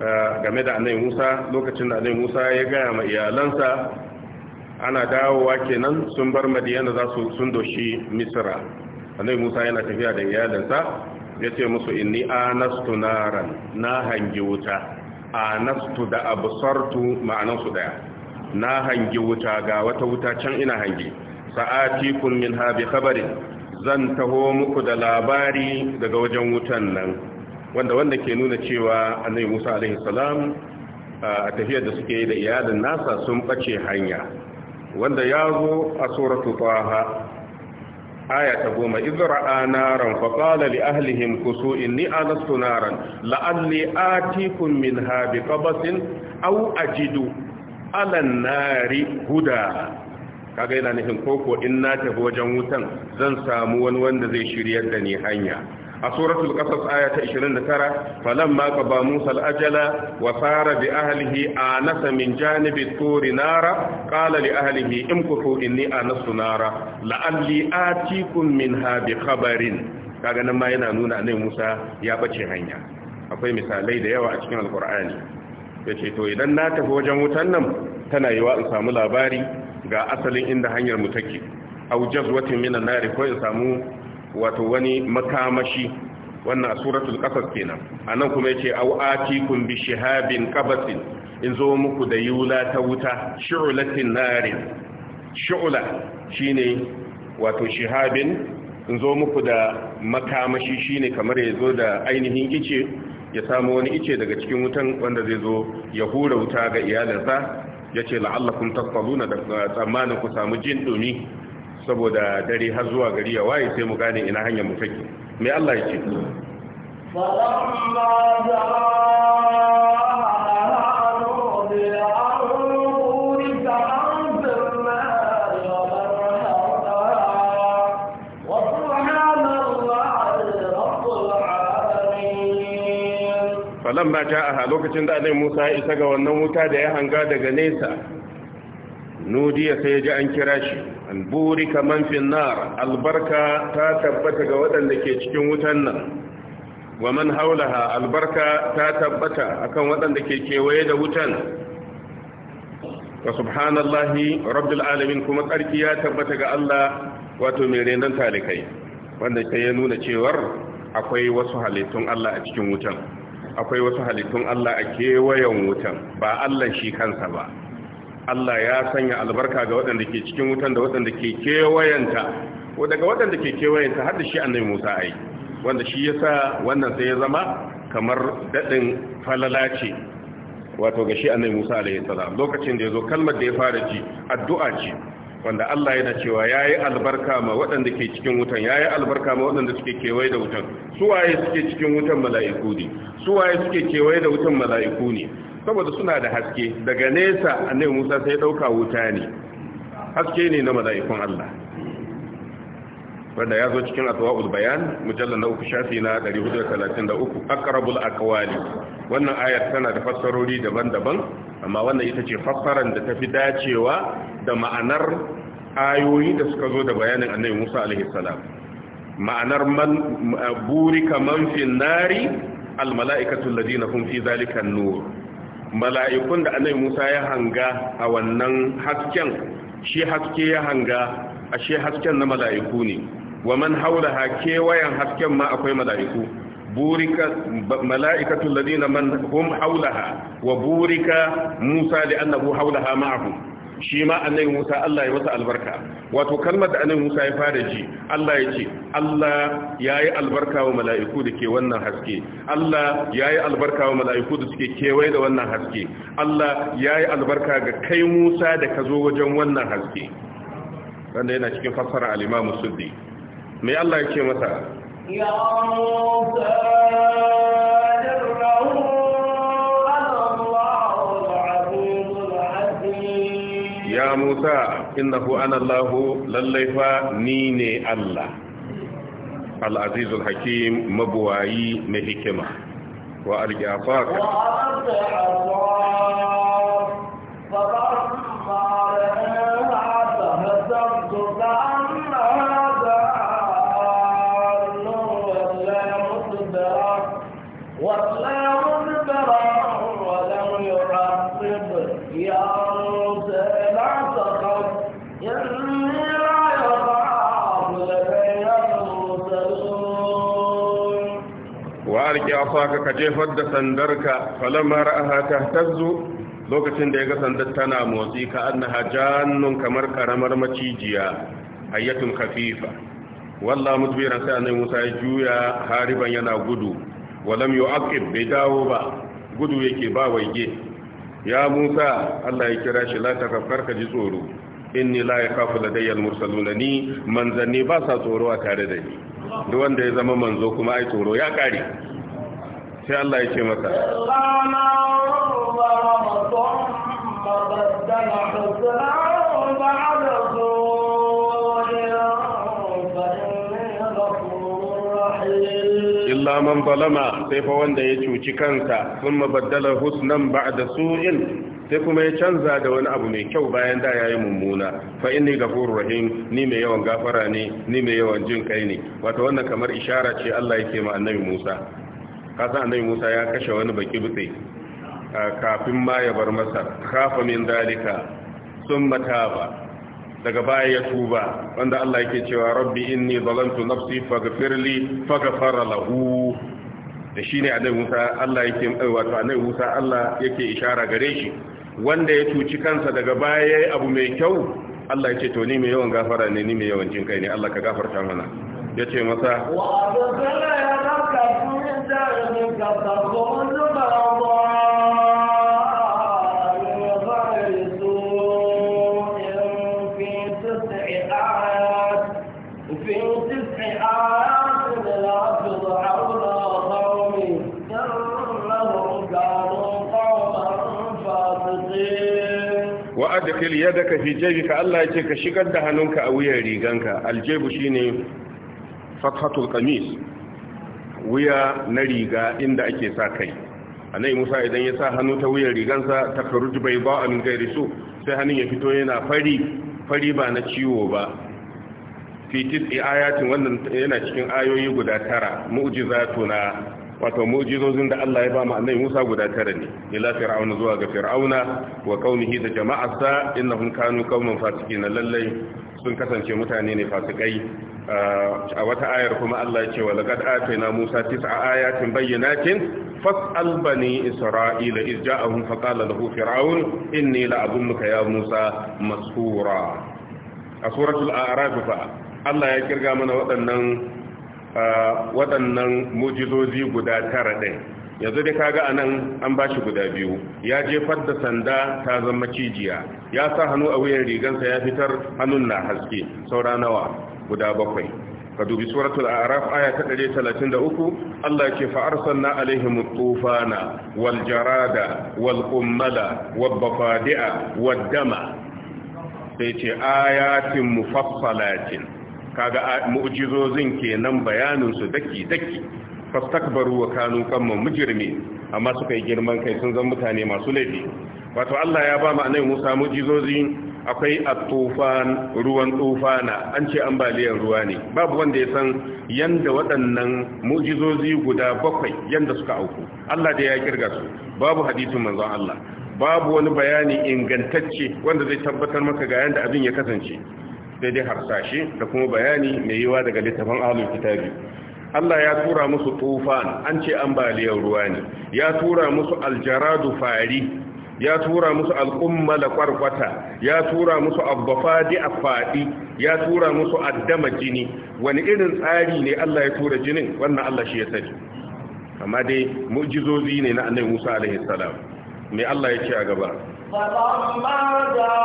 Eh, game da annabi Musa lokacin da annabi Musa ya gaya ma iyalansa ana dawowa kenan sun bar Madiyana za su sun doshi Misra annabi Musa yana tafiya da iyalansa ya ce musu inni anastu naran na hangi wuta anastu da absartu ma'anan su daya na hangi wuta ga wata wuta can ina hangi sa'atikum min habi khabari zan taho muku da labari daga wajen wutan nan wanda wanda ke nuna cewa annabi Musa alaihi salam a tafiyar da suke yi da iyalin nasa sun bace hanya wanda ya zo a suratu taha aya ta goma izra'a naran fa qala li ahlihim kusu inni anastu naran la'alli atikum minha bi qabasin aw ajidu ala nari huda kaga yana nufin koko in na tafi wajen wutan zan samu wani wanda zai shiryar da ni hanya a suratul qasas aya ta 29 falamma qaba musa al-ajala wa sara bi ahlihi anasa min janibi turi nara qala li ahlihi imkutu inni anasu nara la'alli atikum minha bi khabarin kaga nan ma yana nuna ne musa ya bace hanya akwai misalai da yawa a cikin alqur'ani yace to idan na tafi wajen wutan nan tana yiwa in samu labari ga asalin inda hanyar mu take aw jazwatin minan nari ko in samu wato wani makamashi wannan suratul qasas kenan anan kuma yace aw atikum bi shihabin qabasin in zo muku da yula ta wuta shu'latin nari shu'la shine wato shihabin in zo muku da makamashi shine kamar yazo da ainihin ice ya samu wani ice daga cikin wutan wanda zai zo ya hura wuta ga iyalansa yace la'allakum taqaluna da tsammanin ku samu jin dumi saboda dare har zuwa gari ya waye sai mu gane ina hanyar mu take me Allah ya ce ta aha lokacin da annabi Musa ya isa ga wannan wuta da ya hanga daga nesa nudiya sai ya ji an kira shi alburika man fi albarka ta tabbata ga waɗanda ke cikin wutan nan wa man haulaha albarka ta tabbata akan waɗanda ke kewaye da wutan wa subhanallahi rabbil alamin kuma tsarki ya tabbata ga Allah wato mai renon talikai wanda ke ya nuna cewar akwai wasu halittun Allah a cikin wutan akwai wasu halittun Allah a kewayen wutan ba Allah shi kansa ba Allah ya sanya albarka ga waɗanda ke cikin wutan da waɗanda ke kewayenta ko daga waɗanda ke kewayenta har da shi annabi Musa ai wanda shi yasa wannan sai ya zama kamar dadin falala ce wato ga shi annabi Musa alaihi salam lokacin da yazo kalmar da ya fara ji addu'a ce wanda Allah yana cewa yayi albarka ma waɗanda ke cikin wutan yayi albarka ma waɗanda suke kewaye da wutan su waye suke cikin wutan mala'iku ne su waye suke kewaye da wutan mala'iku ne saboda suna da haske daga nesa annabi Musa sai ɗauka wuta ne haske ne na mala'ikun Allah wanda ya zo cikin atwa'ul bayan mujallar na uku shafi na 433 aqrabul aqwali wannan ayar tana da fassarori daban-daban amma wannan ita ce fassaran da tafi dacewa da ma'anar ayoyi da suka zo da bayanin annabi Musa alaihi salam ma'anar man burika man fi nari al mala'ikatu alladhina hum fi zalika an-nur mala'ikun da annabi Musa ya hanga a wannan hasken shi haske ya hanga a shi hasken na mala'iku ne wa man haulaha kewayen hasken ma akwai mala'iku burika mala'ikatul ladina man hum haulaha wa burika Musa li annahu haulaha ma'ahu shi ma annabi Musa Allah ya masa albarka wato kalmar da annabi Musa ya fara ji Allah ya ce Allah yayi albarka wa mala'iku da ke wannan haske Allah yayi albarka wa mala'iku da suke kewaye da wannan haske Allah yayi albarka ga kai Musa da ka zo wajen wannan haske wanda yana cikin fassara al-Imam Suddi mai Allah ya ce masa ya Musa ya musa innahu ana allahu lallai fa ni ne allah al'azizul hakim mabuwayi na hikima wa alƙi afaka asaka ka jefar da sandarka falamma ra'aha tahtazzu lokacin da ya ga sandar tana motsi ka annaha jannun kamar karamar macijiya ayyatun khafifa wallah mudbiran sai annabi Musa ya juya hariban yana gudu walam yu'aqib bai dawo ba gudu yake ba waige ya Musa Allah ya kira shi la takaffarka ji tsoro inni la yakhafu ladayya al ni manzanni ba sa tsoro a tare da ni duk wanda ya zama manzo kuma ai tsoro ya kare sai Allah ya ce masa illa man balama sai fa wanda ya cuci kansa sun mabaddala husnan ba'da su'in sai kuma ya canza da wani abu mai kyau bayan da yayi mummuna fa inni ghafurur rahim ni mai yawan gafara ne ni mai yawan jin kai ne wato wannan kamar ishara ce Allah yake ma annabi Musa kasan annabi musa ya kashe wani baki butse kafin ma ya bar masa kafa min dalika sun taba daga baya ya tuba wanda Allah yake cewa rabbi inni zalamtu nafsi faghfirli faghfar lahu da shine annabi Musa Allah yake wato annabi Musa Allah yake ishara gare shi wanda ya cuci kansa daga baya yayi abu mai kyau Allah yake to ni mai yawan gafara ne ni mai yawan jin kai ne Allah ka gafarta mana yace masa wa دربك فكن غير سوء في تسع آيات في تسع آيات قوما فاسقين وأدخل يدك في جيبك الله يجيك شكد هنونك أو يريغنك الجيب شيني فتحة القميص wuya na riga inda ake sa kai annabi musa idan ya sa hannu ta wuyar rigansa ta bai ba amin gairi su sai hannun ya fito yana fari fari ba na ciwo ba fitis ayatin wannan yana cikin ayoyi guda tara mu'jizatu na wato mu'jizozin da Allah ya ba mu annabi Musa guda tara ne ila fir'auna zuwa ga fir'auna wa qaumihi da jama'arsa innahum kanu qauman fasikin lallai sun kasance mutane ne fasikai a wata ayar kuma Allah ya ce wa laqad atayna Musa tis'a ayatin bayyinatin fas'al bani isra'ila iz ja'ahum qala lahu fir'aun inni la'azunuka ya Musa mashura a suratul a'raf fa Allah ya kirga mana waɗannan waɗannan mujizozi guda tara ɗin yanzu dai kaga anan an bashi guda biyu ya jefar da sanda ta zama cijiya ya sa hannu a wuyan rigansa ya fitar hannun na haske saura nawa guda bakwai ka dubi suratul araf aya ta 133 Allah yake fa arsalna alaihim tufana wal jarada wal qummala wal bafadi'a wad dama sai ce ayatin mufassalatin kaga mu'jizozin kenan bayanin su daki daki fastakbaru wa kanu kamman mujrimi amma suka yi girman kai sun zama mutane masu laifi wato Allah ya ba mu annabi Musa mu'jizozi akwai atufan tufan ruwan tufana an ce ambaliyar ruwa ne babu wanda ya san yanda waɗannan mu'jizozi guda bakwai yanda suka auku Allah da ya kirga su babu hadisin manzon Allah babu wani bayani ingantacce wanda zai tabbatar maka ga yanda abin ya kasance sai dai harsashe da kuma bayani mai yiwa daga littafin ahlul kitabi Allah ya tura musu tufan an ce ambaliyar ruwa ne ya tura musu aljaradu fari ya tura musu al'umma da kwarkwata ya tura musu abbafadi a fadi, ya tura musu addama jini wani irin tsari ne Allah ya tura jinin wannan Allah shi ya sani amma dai mu'jizozi ne na annabi Musa alaihi salam me Allah ya ce a gaba da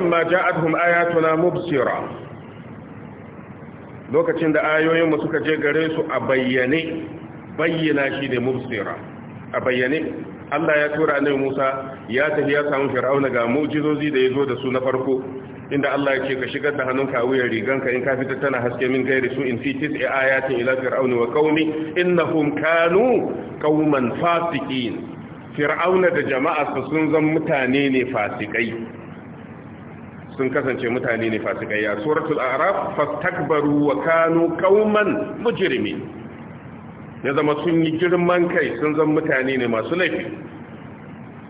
lamma ja'atuhum ayatuna mubsira lokacin da ayoyinmu mu suka je gare su a bayyane bayyana shi ne mubsira a bayyane Allah ya tura annabi Musa ya tafi ya samu Fir'auna ga mu'jizozi da yazo da su na farko inda Allah ya ce ka shigar da hannunka a wuyan riganka in ka fitar tana haske min gairi su in fi tis'i ayatin ila fir'auni wa qaumi innahum kanu qauman fasiqin fir'auna da jama'arsa sun zan mutane ne fasikai sun kasance mutane ne fasikai suratul a'raf fastakbaru wa kanu qauman mujrimin ya zama sun yi girman kai sun zama mutane ne masu laifi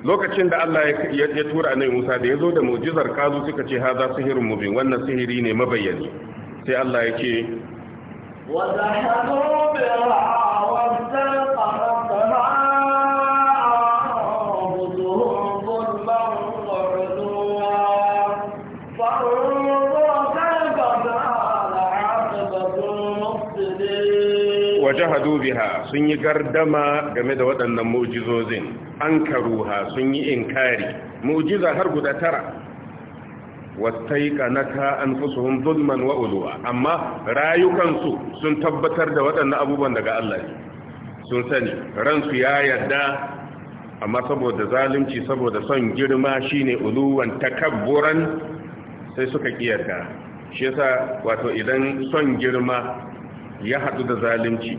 lokacin da Allah ya tura annabi Musa da yazo da mu'jizar kazu suka ce haza sihirun mubin wannan sihiri ne mabayyani sai Allah ya ce wa zahabu bi wa jahadu biha sun yi gardama game da waɗannan mu'jizozin an karuha sun yi inkari mu'jiza har guda tara wastaiqanata fusuhun zulman wa ulwa amma rayukansu sun tabbatar da waɗannan abubuwan daga Allah sun sani ransu ya yarda amma saboda zalunci saboda son girma shine uluwan takabburan sai suka kiyarda shi yasa wato idan son girma ya haɗu da zalunci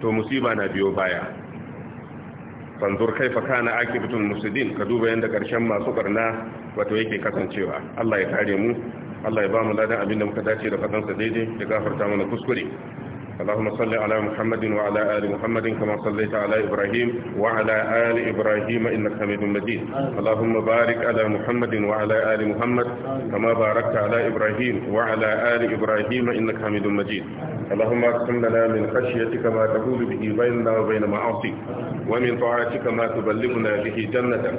to musiba na biyo baya fanzur kaifa kana akibatul musidin ka duba yanda karshen masu barna wato yake kasancewa Allah ya kare mu Allah ya ba mu ladan abinda muka dace da fadansa daidai ya gafarta mana kuskure اللهم صل على محمد وعلى آل محمد كما صليت على إبراهيم وعلى آل إبراهيم إنك حميد مجيد اللهم بارك على محمد وعلى آل محمد كما باركت على إبراهيم وعلى آل إبراهيم إنك حميد مجيد اللهم اقسم لنا من خشيتك ما تقول به بيننا وبين معاصيك ومن طاعتك ما تبلغنا به جنتك